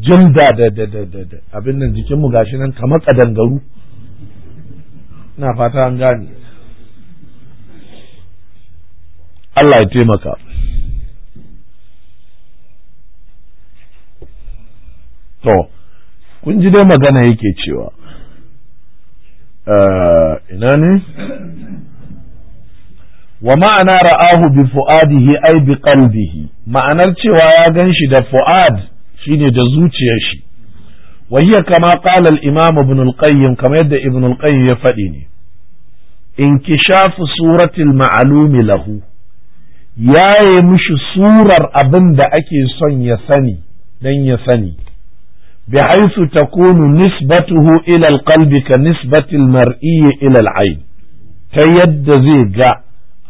jinda da da da abin nan jikinmu gashi nan kamar kadangaru ina fata an gane Allah ya taimaka to kun ji dai magana yake cewa eh, ina ne wa ma'ana ra'ahu bi fu'adihi ai bi qalbihi ma'anar cewa ya ganshi da fu'ad shine da zuciyar shi wahiya kama qala imam ibn al-qayyim kamar yadda ibn al-qayyim ya faɗi ne inkishafu suratil ma'lumi lahu yaye mishi surar abin da ake son ya sani dan ya sani bi haythu takunu nisbatuhu ila al-qalbi ka nisbati al-mar'i ila al-ayn ta yadda zai ga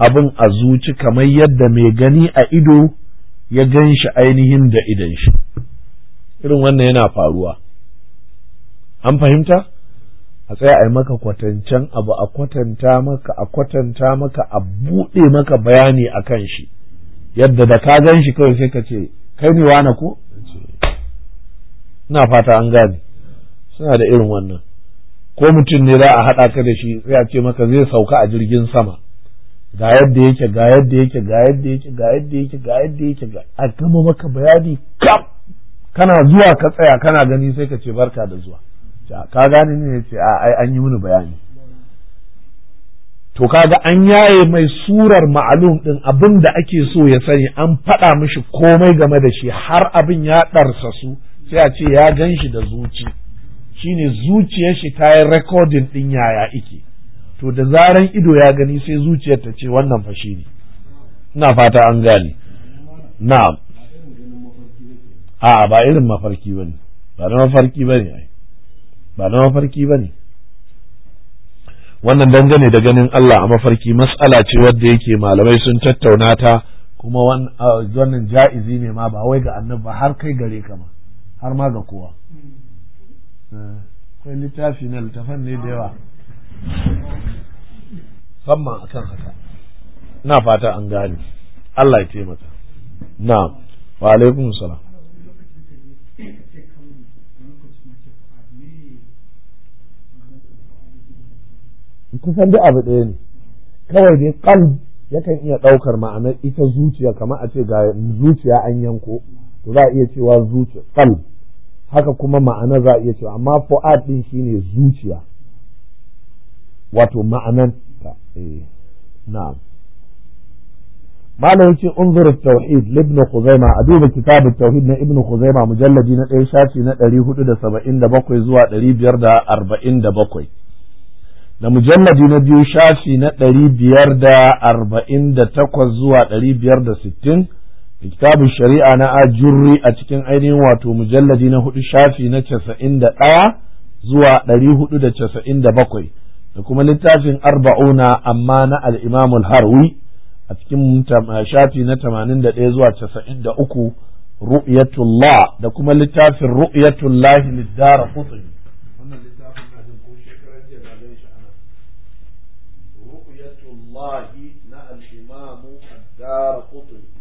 abin a zuci kamar yadda mai gani a ido ya ganshi ainihin da idon shi irin wannan yana faruwa an fahimta a tsaya a yi maka kwatancen abu a kwatanta maka a kwatanta maka a buɗe maka bayani a kan shi yadda da ka gan shi kawai sai ka ce kai ne wane ko ina fata an gane suna da irin wannan ko mutum ne za a haɗa ka da shi sai a ce maka zai sauka a jirgin sama ga yadda yake ga yadda yake ga yadda yake ga yadda yake ga yadda yake ga a gama maka bayani kaf kana zuwa ka tsaya kana gani sai ka ce barka da zuwa ka gane ne ce a ai an yi mini bayani to kaga an yaye mai surar ma'alum din abin da ake so ya sani an faɗa mishi komai game da shi har abin ya ɗarsa su sai a ce ya gan shi da zuci shine zuciyar shi ta yi rekodin ɗin yaya ike to da zaran ido ya gani sai zuciyar ta ce wannan fa ne ina fata an gane na'am a ba irin mafarki bane ba na mafarki bane ai ba na mafarki ba ne wannan dangane da ganin Allah a mafarki mas'ala ce wadda yake malamai sun tattauna ta kuma wannan ja'izi ne ma ba wai ga annabi ba har kai gare ka ma har ma ga kowa hmm. eh, akwai littafi na littafan ne da yawa a akan haka na fata an gane Allah ya taimaka na wa alaikum salam kusan duk abu ɗaya ne kawai dai kalb yakan iya ɗaukar ma'anar ita zuciya kamar a ce ga zuciya an yanko to za a iya cewa zuciya kalb haka kuma ma'ana za a iya cewa amma fu'ad din shine zuciya wato ma'anan ta eh na'am malam yace unzur tauhid ibn khuzaima a duba kitab tauhid na ibn khuzaima mujalladi na ɗaya shafi na 477 zuwa 547 da mujalladi na biyu shafi na ɗari biyar da arba'in da takwas zuwa ɗari biyar da sittin da kitabun shari'a na ajurri a cikin ainihin wato mujalladi na hudu shafi na casa'in da ɗaya zuwa ɗari hudu da casa'in da bakwai da kuma littafin arba'una amma na al'imamul harwi a cikin shafi na tamanin da ɗaya zuwa casa'in da uku ru'yatullah da kuma littafin ru'yatullahi lidara kutsubi الله نأى نعم الإمام الدار قطني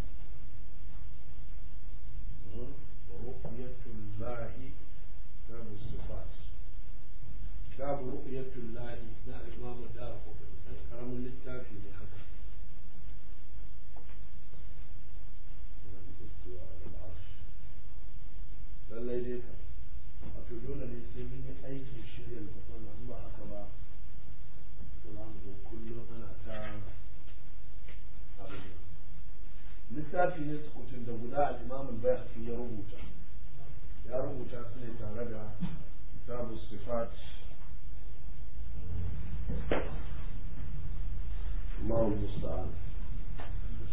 في نسخه تندبلاء الإمام البيهقي يا ربوتا يا ربوتا سنتا ردع كتاب الصفات ما هو المستعان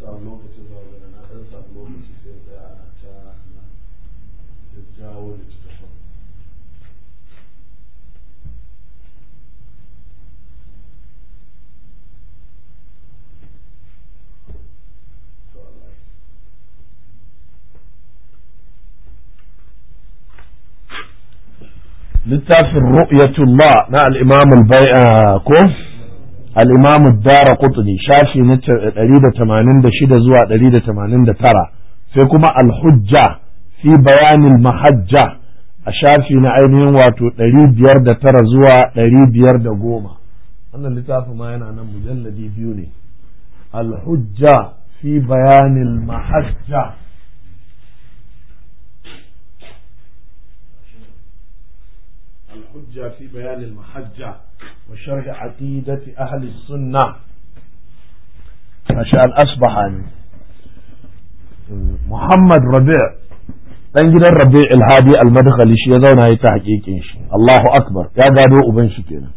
صار لوقة تظهر لنا أنصب لوقة تظهر لنا تجاوز تتفضل littafin ru'yatullah na al-imam al ah, ko al-imam ad shafi na 186 zuwa 189 sai kuma al-hujja fi bayanin mahajja a shafi na ainihin wato ɗari biyar da tara zuwa ɗari biyar da goma wannan littafin ma yana nan mujalladi biyu ne alhujja fi bayanin mahajja الحجة في بيان المحجة وشرح عقيدة أهل السنة شاء الأصبح محمد ربيع dan gidan rabi alhadi almadkhali shi ya zauna ya ta hakikin shi Allahu akbar ya gado uban shi kenan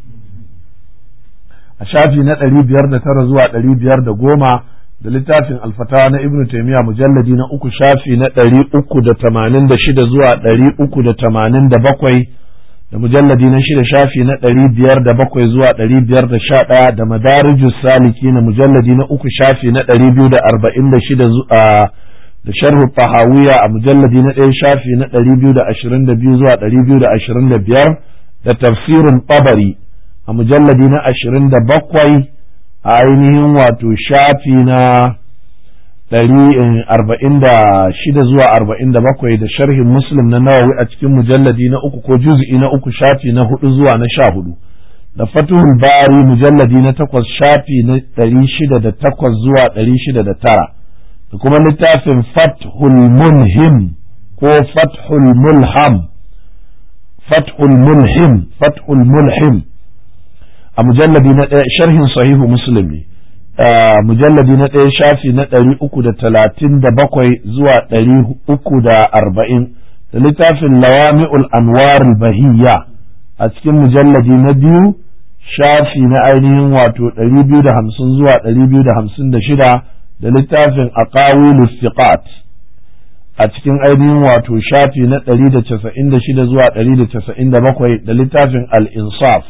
a shafi na 509 zuwa 510 da littafin alfatawa na ibnu taymiya mujalladi na uku shafi na 386 zuwa 387 da mujalladi na shida shafi na ɗari biyar da bakwai zuwa ɗari biyar da sha ɗaya da madarijus saliki na mujalladi na uku shafi na ɗari biyu da arba'in da shida zuwa. da sharhu fahawiya a mujalladi na ɗaya shafi na ɗari biyu da ashirin da biyu zuwa ɗari biyu da ashirin da biyar da tafsirin ɓabari a mujalladi na ashirin da bakwai a ainihin wato shafi na Eh, shida zuwa arba'in da bakwai da sharhin muslim na nawawi a cikin mujalladi na uku ko juzi na uku shafi na hudu zuwa na sha hudu da fatuhul bari mujalladi na takwas shafi na ɗari shida da takwas zuwa ɗari shida da tara da kuma littafin fathul mulhim ko fathul mulham fathul mulhim fathul mulhim a mujalladi na ɗaya sharhin sahihu muslim ne mujalladi na ɗaya shafi na ɗari uku da talatin da bakwai zuwa ɗari uku da arba'in da littafin lawami'ul anwar bahiyya a cikin mujalladi na biyu shafi na ainihin wato ɗari biyu da hamsin zuwa ɗari biyu da hamsin da shida da littafin aqawilu siqat a cikin ainihin wato shafi na ɗari da casa'in da shida zuwa ɗari da casa'in da bakwai da littafin al-insaf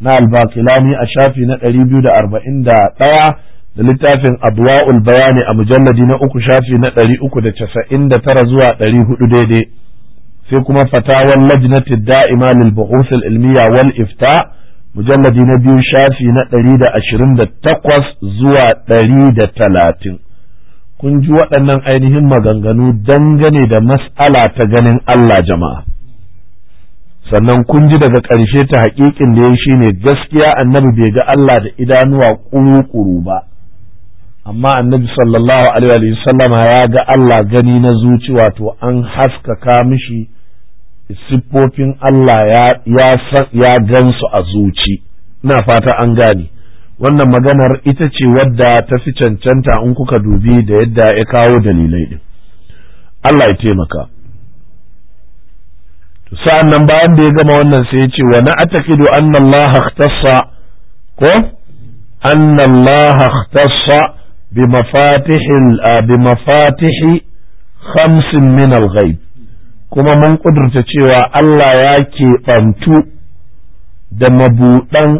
na albakilani a shafi na ɗari biyu da arba'in da ɗaya da littafin adwa'ul bayani a mujalladi na uku shafi na ɗari uku da casa'in da tara zuwa ɗari hudu daidai sai kuma Fatawar lajnati da'ima lil buhuthil ilmiya wal ifta mujalladi na biyu shafi na ɗari da ashirin da takwas zuwa ɗari da talatin kun ji waɗannan ainihin maganganu dangane da mas'ala ta ganin Allah jama'a sannan kun ji daga ƙarshe ta haƙiƙin da ya shi ne gaskiya annabi bai ga Allah da idanuwa ƙuruƙuru ƙuru ba amma annabi sallallahu alaihi sallama ya ga Allah gani na zuci wato an haskaka mishi siffofin Allah ya gansu a zuci Ina fata an gane wannan maganar ita ce wadda ta fi cancanta in kuka dubi da yadda ya kawo dalilai din Allah ya taimaka sa'an nan bayan da ya gama wannan sai ya ce wa na atakidu anna Allah ikhtassa ko anna Allah ikhtassa bimafatihi khamsin min al kuma mun kudurta cewa Allah ya keɓantu da mabuɗan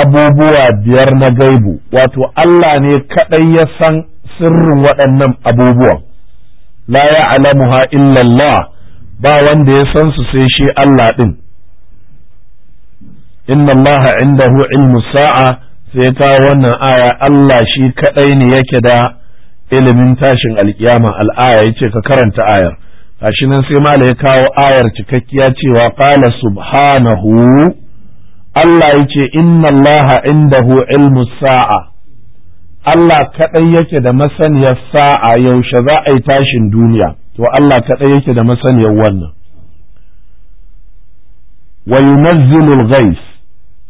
abubuwa biyar na gaibu wato Allah ne kaɗai ya san sirrin waɗannan abubuwan la alamuha illallah ba wanda ya san su sai shi Allah ɗin inna Allah indahu ilmu sa'a sai kawo wannan aya Allah shi kadai ne yake da ilimin tashin alkiyama al'aya yace ka karanta ayar gashi nan sai malai ya kawo ayar cikakkiya cewa qala subhanahu Allah yace inna Allah indahu ilmu sa'a Allah kadai yake da masaniyar sa'a yaushe za a yi tashin duniya to Allah kadai yake da masaniyar wannan wa yunazzilul ghais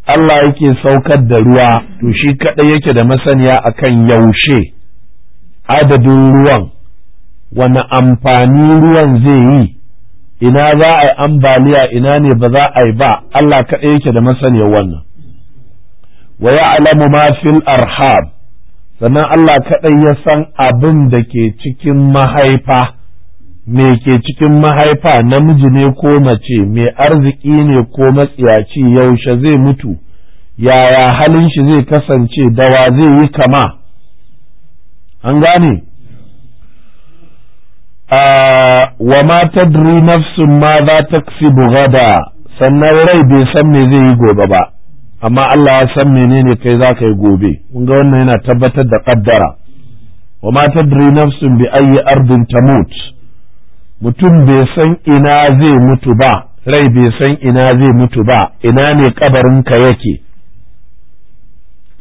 Allah yake saukar da ruwa to shi kaɗai yake da masaniya akan yaushe adadin ruwan wani amfani ruwan zai yi ina za a yi ambaliya ina ne ba za a yi ba Allah kaɗai yake da masaniya wannan wa ya'lamu ma fil arhab sannan Allah kaɗai ya san abin da ke cikin mahaifa me ke cikin mahaifa namiji ne ko mace mai arziki ne ko matsiyaci yaushe zai mutu yaya halin shi zai kasance da wa zai yi kama an gane wa ma tadri nafsun ma za ta gada sannan rai bai san me zai yi gobe ba amma Allah ya san menene kai za ka yi gobe kun ga wannan yana tabbatar da kaddara wa ma tadri nafsun bi ayi ardin tamut mutum bai san ina zai mutu ba rai bai san ina zai mutu ba ina ne kabarinka yake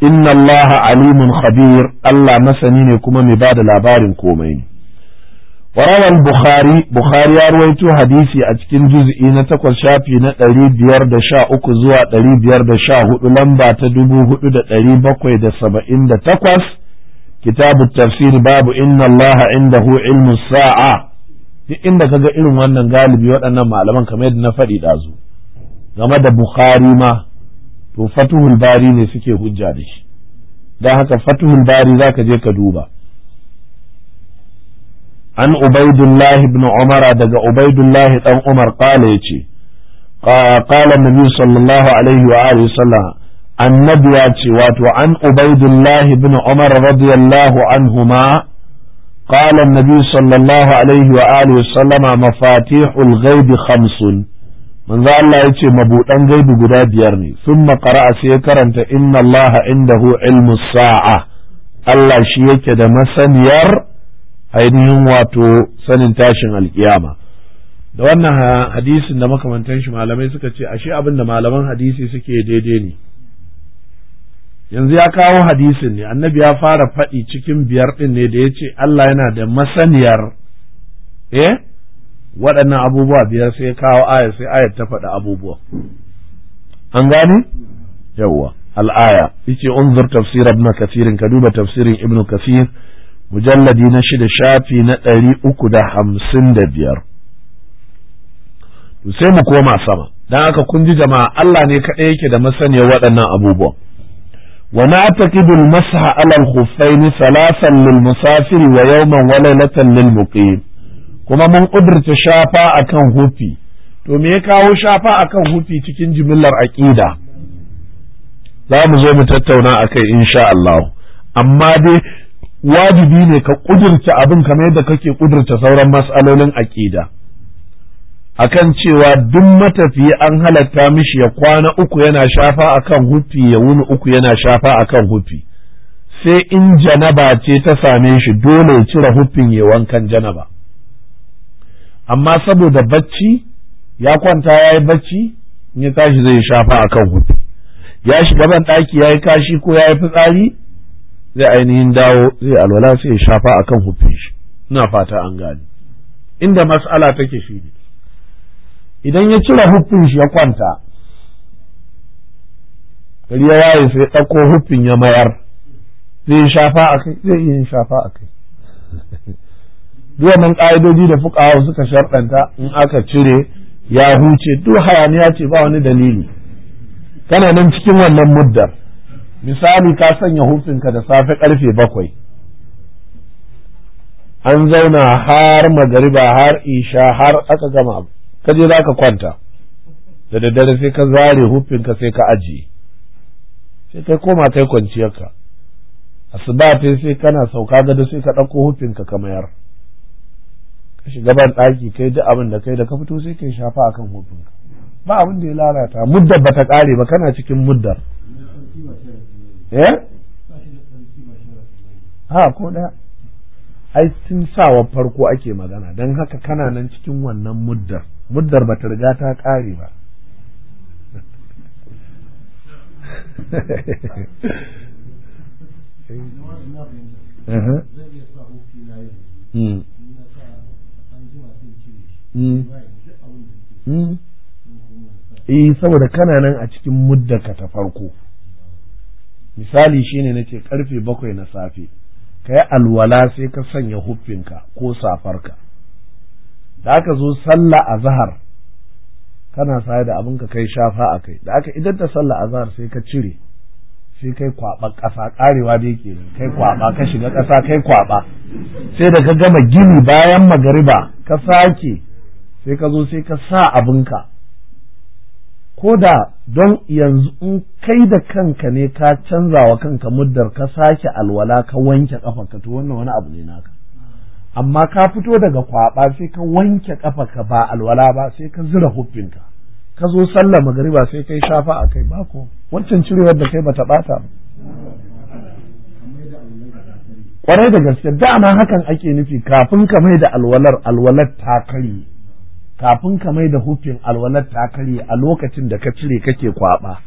inna allaha alimun khabir Allah masani ne kuma mai bada labarin komai ne warawar bukhari bukhari ya ruwaito hadisi a cikin juz'i na takwas shafi na ɗari biyar da sha uku zuwa ɗari biyar da sha hudu lamba ta dubu hudu da ɗari bakwai da saba'in da takwas kitabu tafsir babu inna allaha indahu ilmu sa'a duk inda kaga irin wannan galibi waɗannan malaman kamar yadda na faɗi ɗazu game da bukhari ma to fatuhul bari ne suke hujja da shi don haka fatuhul bari za ka je ka duba an ubaidullahi ibn umara daga ubaidullahi dan umar kala ya ce kala nabi sallallahu alaihi wa alihi sallam annabi ya ce wato an ubaidullahi ibn umar radiyallahu anhuma قال النبي صلى الله عليه وآله وسلم مفاتيح الغيب خمس manzo Allah ya ce mabuɗan gaibu guda biyar ne sun makara sai ya karanta inna Allah indahu ilmu sa'a Allah shi yake da masaniyar ainihin wato sanin tashin alkiyama da wannan hadisin da makamantan shi malamai suka ce ashe abin da malaman hadisi suke daidai ne yanzu ya kawo hadisin ne annabi ya fara faɗi cikin biyar ɗin ne da ya ce Allah yana da masaniyar eh waɗannan abubuwa biyar sai ya kawo aya sai aya ta faɗi abubuwa an gane yawwa al'aya yace unzur tafsir ibn kathir ka duba tafsirin ibn kathir mujalladi na shida shafi na ɗari uku da hamsin da biyar sai mu koma sama don haka kun ji jama'a Allah ne kaɗai yake da masaniyar waɗannan abubuwan ونعتقد المسح على الخفين ثلاثا للمسافر ويوما وليلة للمقيم kuma mun ƙudurta shafa akan hufi to me ya kawo shafa akan hufi cikin jimillar aƙida za mu zo mu tattauna a kai insha Allah amma dai wajibi ne ka ƙudurta abin kamar yadda kake ƙudurta sauran mas'alolin aƙida akan cewa duk matafiya an halatta mishi ya kwana uku yana shafa akan hufi ya wuni uku yana shafa akan hufi sai in janaba ce ta same shi dole ya cire hufin ya wankan janaba amma saboda bacci ya kwanta ya yi bacci in ya tashi zai shafa akan hufi ya shiga ban ɗaki ya yi kashi ko ya yi fitsari zai ainihin dawo zai alwala sai ya shafa akan hufin shi ina fata an gani. inda mas'ala take shi ne idan ya cire hufin shi ya kwanta gari ya waye sai ɗauko huffin ya mayar zai shafa a kai zai iya shafa a kai duwannan ƙa'idodi da fukawa suka sharɗanta in aka cire ya huce duk hayaniya ce ba wani dalili kana nan cikin wannan muddar misali ka sanya hufinka da safe karfe bakwai an zauna har magariba har isha har aka gama ka je za ka kwanta da daddare sai ka zare hufinka sai ka ajiye sai kai koma kai kwanciyarka asuba ta sai kana sauka gado sai ka ɗauko hufinka ka mayar ka shiga ban ɗaki kai duk abin da kai da ka fito sai kai shafa akan hufinka ba abin da ya lalata muddar ta kare ba kana cikin muddar eh ha ko ɗaya ai tun sawa farko ake magana don haka kana nan cikin wannan muddar muddar bata riga ta ƙare ba hmm. Hmm. Hmm. eh saboda kana nan a cikin muddaka ta farko misali shine nace karfe bakwai na safe ka yi alwala sai ka sanya huffinka ko safarka da aka zo sallah a zahar kana saye da abin ka kai shafa a kai da aka idan ta sallah a zahar sai ka cire sai kai kwaba ƙasa karewa da yake kai kwaba ka shiga ƙasa kai kwaba sai da ka gama gini bayan magariba ka sake sai ka zo sai ka sa abinka ko da don yanzu in kai da kanka ne ka canza wa kanka muddar ka sake alwala ka wanke kafanka to wannan wani abu ne naka amma ka fito daga kwaba sai ka wanke kafa ka ba alwala ba sai ka zura huffinka ka zo sallar magariba sai kai shafa a kai bako wancan cirewar da kai bata bata ba kwarai da gaske dama hakan ake nufi kafin ka mai da alwalar alwalar ta karye kafin ka mai da hufin alwalar ta karye a lokacin da ka cire kake kwaba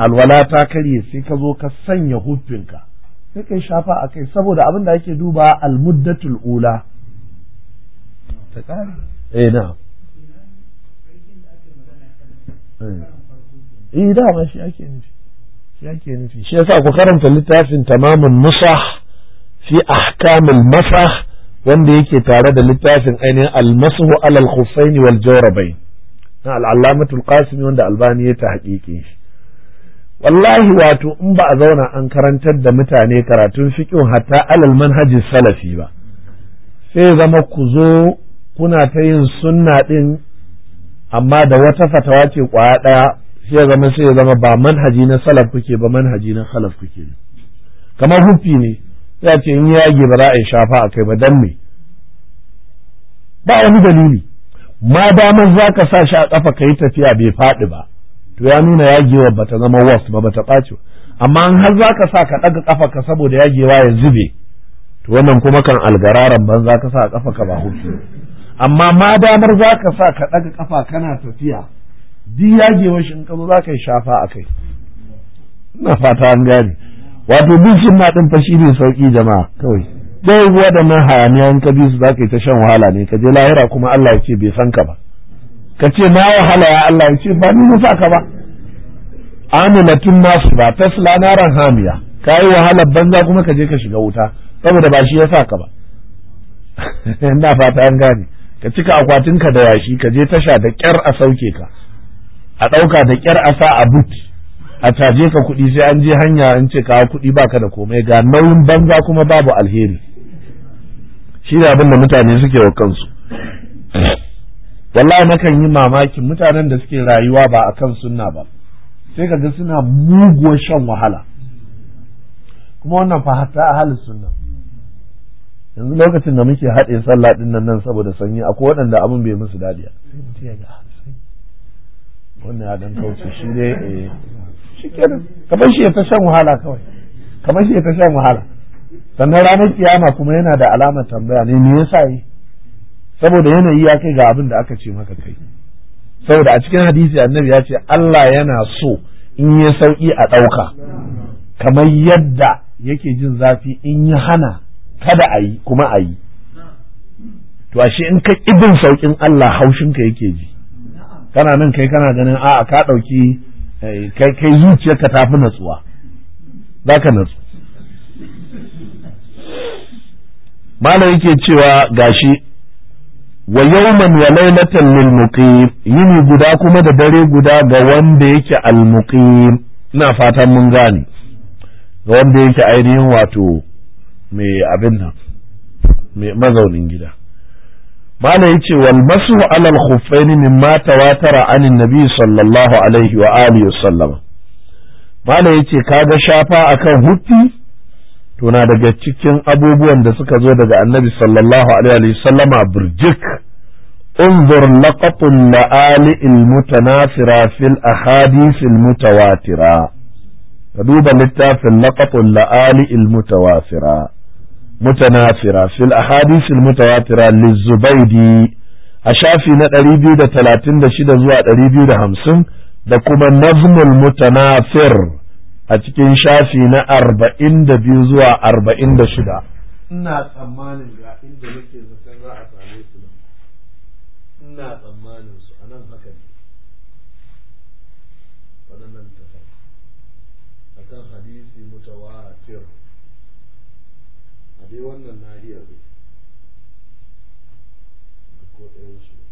alwala ta karye sai ka zo ka sanya hufinka sai kai shafa a kai saboda abin da ake duba almuddatul ula ta kare eh na eh da ma shi ake nufi shi ake nufi shi yasa ku karanta littafin tamamun musah fi ahkamil masah wanda yake tare da littafin ainihin almasahu alal khuffaini wal jawrabain na al qasimi wanda albani ya ta haƙiƙe shi wallahi wato in ba a zauna an karantar da mutane karatun fikin hatta alal manhajin salafi ba sai zama ku zo kuna ta yin sunna din, amma da wata fatawa ce kwaya ɗaya sai zama sai zama ba manhaji na salaf kuke ba manhaji na salaf kuke kamar hufi ne ya ce in yage ba za a yi shafa a kai ba dan me ba wani dalili ma damar za ka sa shi a ƙafa ka yi tafiya bai faɗi ba to ya nuna yagewa bata zama was ba bata ɓace amma in har zaka sa ka ɗaga kafa ka saboda yagewa ya zube to wannan kuma kan algararan ban za ka sa kafa ka ba hutu amma ma damar za ka sa ka ɗaga kafa kana tafiya duk yagewar shi in ka zo yi shafa a kai ina fata an gane wato duk sunna din fashi ne sauki jama'a kawai dai hayaniya hayaniyan ka bi su zaka yi ta shan wahala ne ka je lahira kuma Allah ya ce bai san ka ba ka ce na wahala ya Allah ya ce ba ni na ka ba tun nasu ba tasla naran hamiya ka yi wahalar banza kuma ka je ka shiga wuta saboda ba shi ya sa ka ba ina fata an gane ka cika akwatinka da yashi ka je tasha da kyar a sauke ka a ɗauka da kyar a sa a but a caje ka kuɗi sai an je hanya an ce kawo kuɗi baka da komai ga nauyin banza kuma babu alheri shi ne abin da mutane suke wa kansu wallahi nakan yi mamakin mutanen da suke rayuwa ba akan sunna ba sai kaga suna muguwa shan wahala kuma wannan fa hatta ahli sunna yanzu lokacin da muke haɗe sallah ɗin nan nan saboda sanyi akwai waɗanda abin bai musu daɗi wannan ya dan kauce shi dai eh shi kenan kamar shi ya ta shan wahala kawai kamar shi ya ta shan wahala sannan ranar kiyama kuma yana da alamar tambaya ne me yasa yi saboda yanayi ya kai ga abin da aka ce maka kai saboda a cikin hadisi annabi ya ce Allah yana so in ya sauki a ɗauka kamar yadda yake jin zafi in ya hana kada a yi kuma a yi to ashe in ka ibin saukin Allah haushinka yake ji kana nan kai kana ganin a'a ka ɗauki eh, kai kai zuciyarka ta fi natsuwa za ka natsu malam yake cewa gashi wa yawman wa laylatan lil muqim yini guda kuma da dare guda ga wanda yake al muqim ina fatan mun gane ga wanda yake ainihin wato mai abin nan mai mazaunin gida malam yace wal masu ala al khuffaini mimma tawatara anin nabi sallallahu alaihi wa alihi wa sallama malam yace kaga shafa akan hutti. tuna daga cikin abubuwan da suka zo daga annabi sallallahu alaihi wasallama burjik انظر لقط اللآلئ المتناثرة في الأحاديث المتواترة فدوب للتاف لقط اللآلئ المتواترة متناثرة في الأحاديث المتواترة للزبيدي أشافي نتريبيو دا تلاتين دا شيدا زوا تريبيو دا همسن دا كما نظم المتناثر a cikin shafi na arba'in da biyu zuwa arba'in da shida ina tsammanin ga inda nake zaton za a same su ina tsammanin su a nan haka ne waɗannan tafa. a kan hadisi mutawa a A dai wannan nahiyar ko ɗayan ne.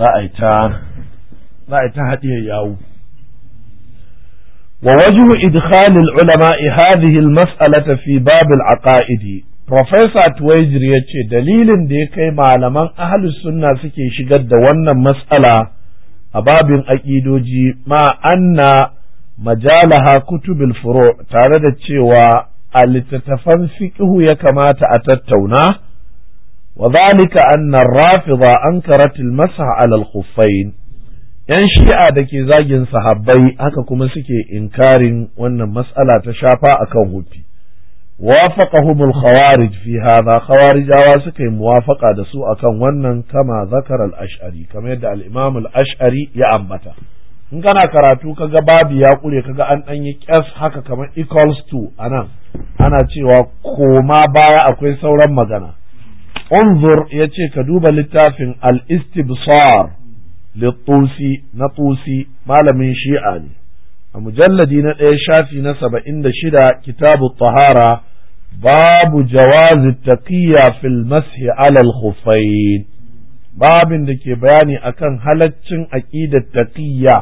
za a yi ta za a Wa ta haɗiyar yawo ووجه mas'alata fi هذه المسألة Profesa Tuwajir ya ce dalilin da ya kai malaman ahalus sunna suke shigar da wannan matsala a babin aƙidoji ma anna majalaha kutubil furo tare da cewa a littattafan fiƙihu ya kamata a tattauna وذلك أن الرافضة أنكرت المسح على الخفين ‘Yan shi'a da ke zagin sahabbai haka kuma suke inkarin wannan matsala ta shafa a kan hufi, humul khawarij fi hadha khawarijawa suka yi muwafaka da su akan wannan kama zakar ashari kamar yadda alimamul ashari ya ambata. in kana karatu kaga babu ya kure kaga an ɗan yi kyas haka kamar equals to anan ana cewa koma baya akwai sauran magana unzur ya ce ka duba littafin al-istibsar littusi na tusi malamin shi'a ne a mujalladi na ɗaya shafi na saba'in da shida kitabu tahara babu jawazi taqiyya fil mashi alal khuffain babin da ke bayani akan halaccin aqidar taqiyya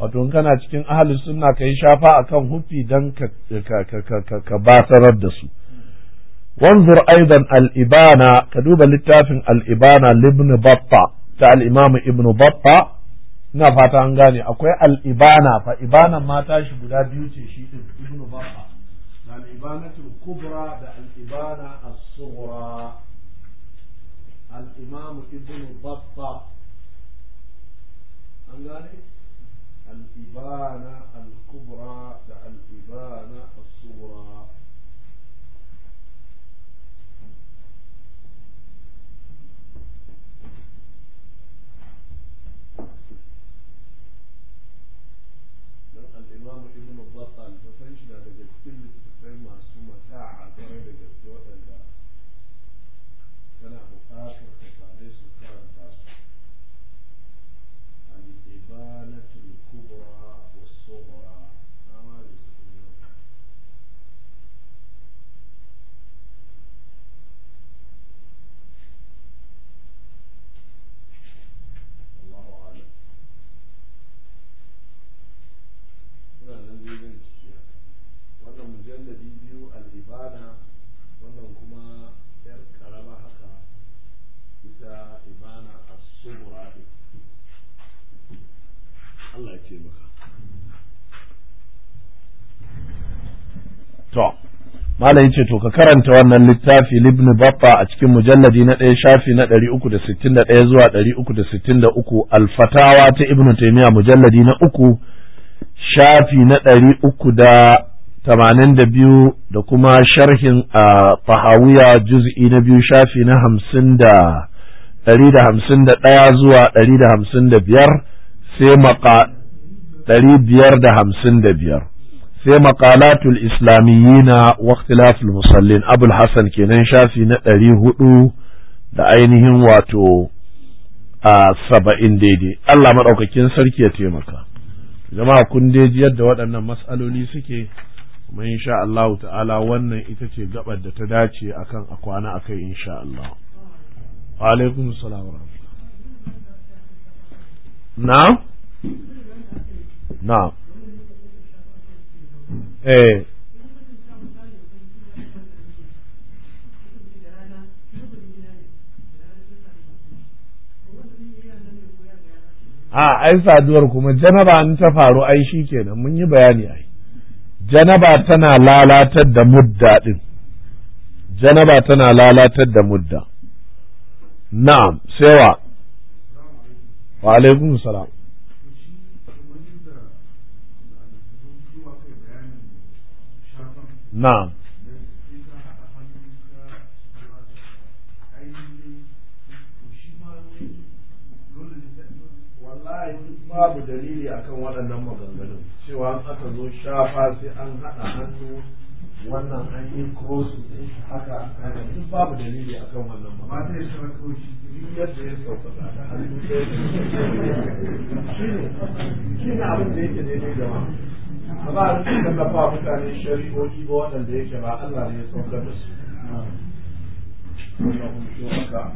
wato kana cikin ahlus sunna kai shafa akan hufi dan ka ka ka ka, da su وانظر أيضا الإبانة كدوبا للتافع الإبانة لابن بطة تاع الإمام ابن بطة نفات أنغاني أقوى الإبانة فإبانة ما تاش بلا بيوتي شيء ابن بطة الإبانة الكبرى دا الإبانة الصغرى الإمام ابن بطة أنغاني الإبانة الكبرى دا الإبانة الصغرى malam yace to ka karanta wannan littafi ibn batta a cikin mujalladi na ɗaya shafi na ɗari uku da sittin da ɗaya zuwa ɗari uku da sittin da uku alfatawa ta ibn taimiya mujalladi na uku shafi na ɗari uku da tamanin da biyu da kuma sharhin a fahawiya juz'i na biyu shafi na hamsin da ɗari da hamsin da ɗaya zuwa ɗari da hamsin da biyar sai maka ɗari biyar da hamsin da biyar sai maqalatul islamiyina wa ikhtilaful musallin abul hasan kenan shafi na ɗari hudu da ainihin wato a saba'in daidai Allah maɗaukakin sarki ya taimaka jama'a kun ji yadda waɗannan mas'aloli suke kuma insha Allah ta'ala wannan ita ce gabar da ta dace akan a kwana akai insha Allah wa alaikum salam na na eh a ah, ai saduwar kuma janaba an ta faru ai shi kenan mun yi bayani ai janaba tana lalatar da mudda din janaba tana lalatar da mudda na'am sewa wa alaikum salam نعم babu dalili akan waɗannan maganganun cewa aka zo shafa sai an haɗa hannu wannan an yi krosu ɗin shi haka haka duk babu dalili akan wannan ba ma zai shi rako shi yadda ya sauka da hannu ne shi ne abin da yake daidai jama'a ba a cikin tallafa mutane shari'o'i ba waɗanda yake ba Allah ne ya saukar da su إنهم شركاء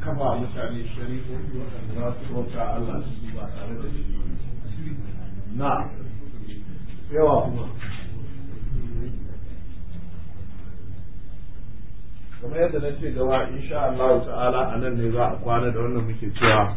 kamar yadda na ce gawa insha Allah ta'ala a nan ne za a kwana da wannan muke cewa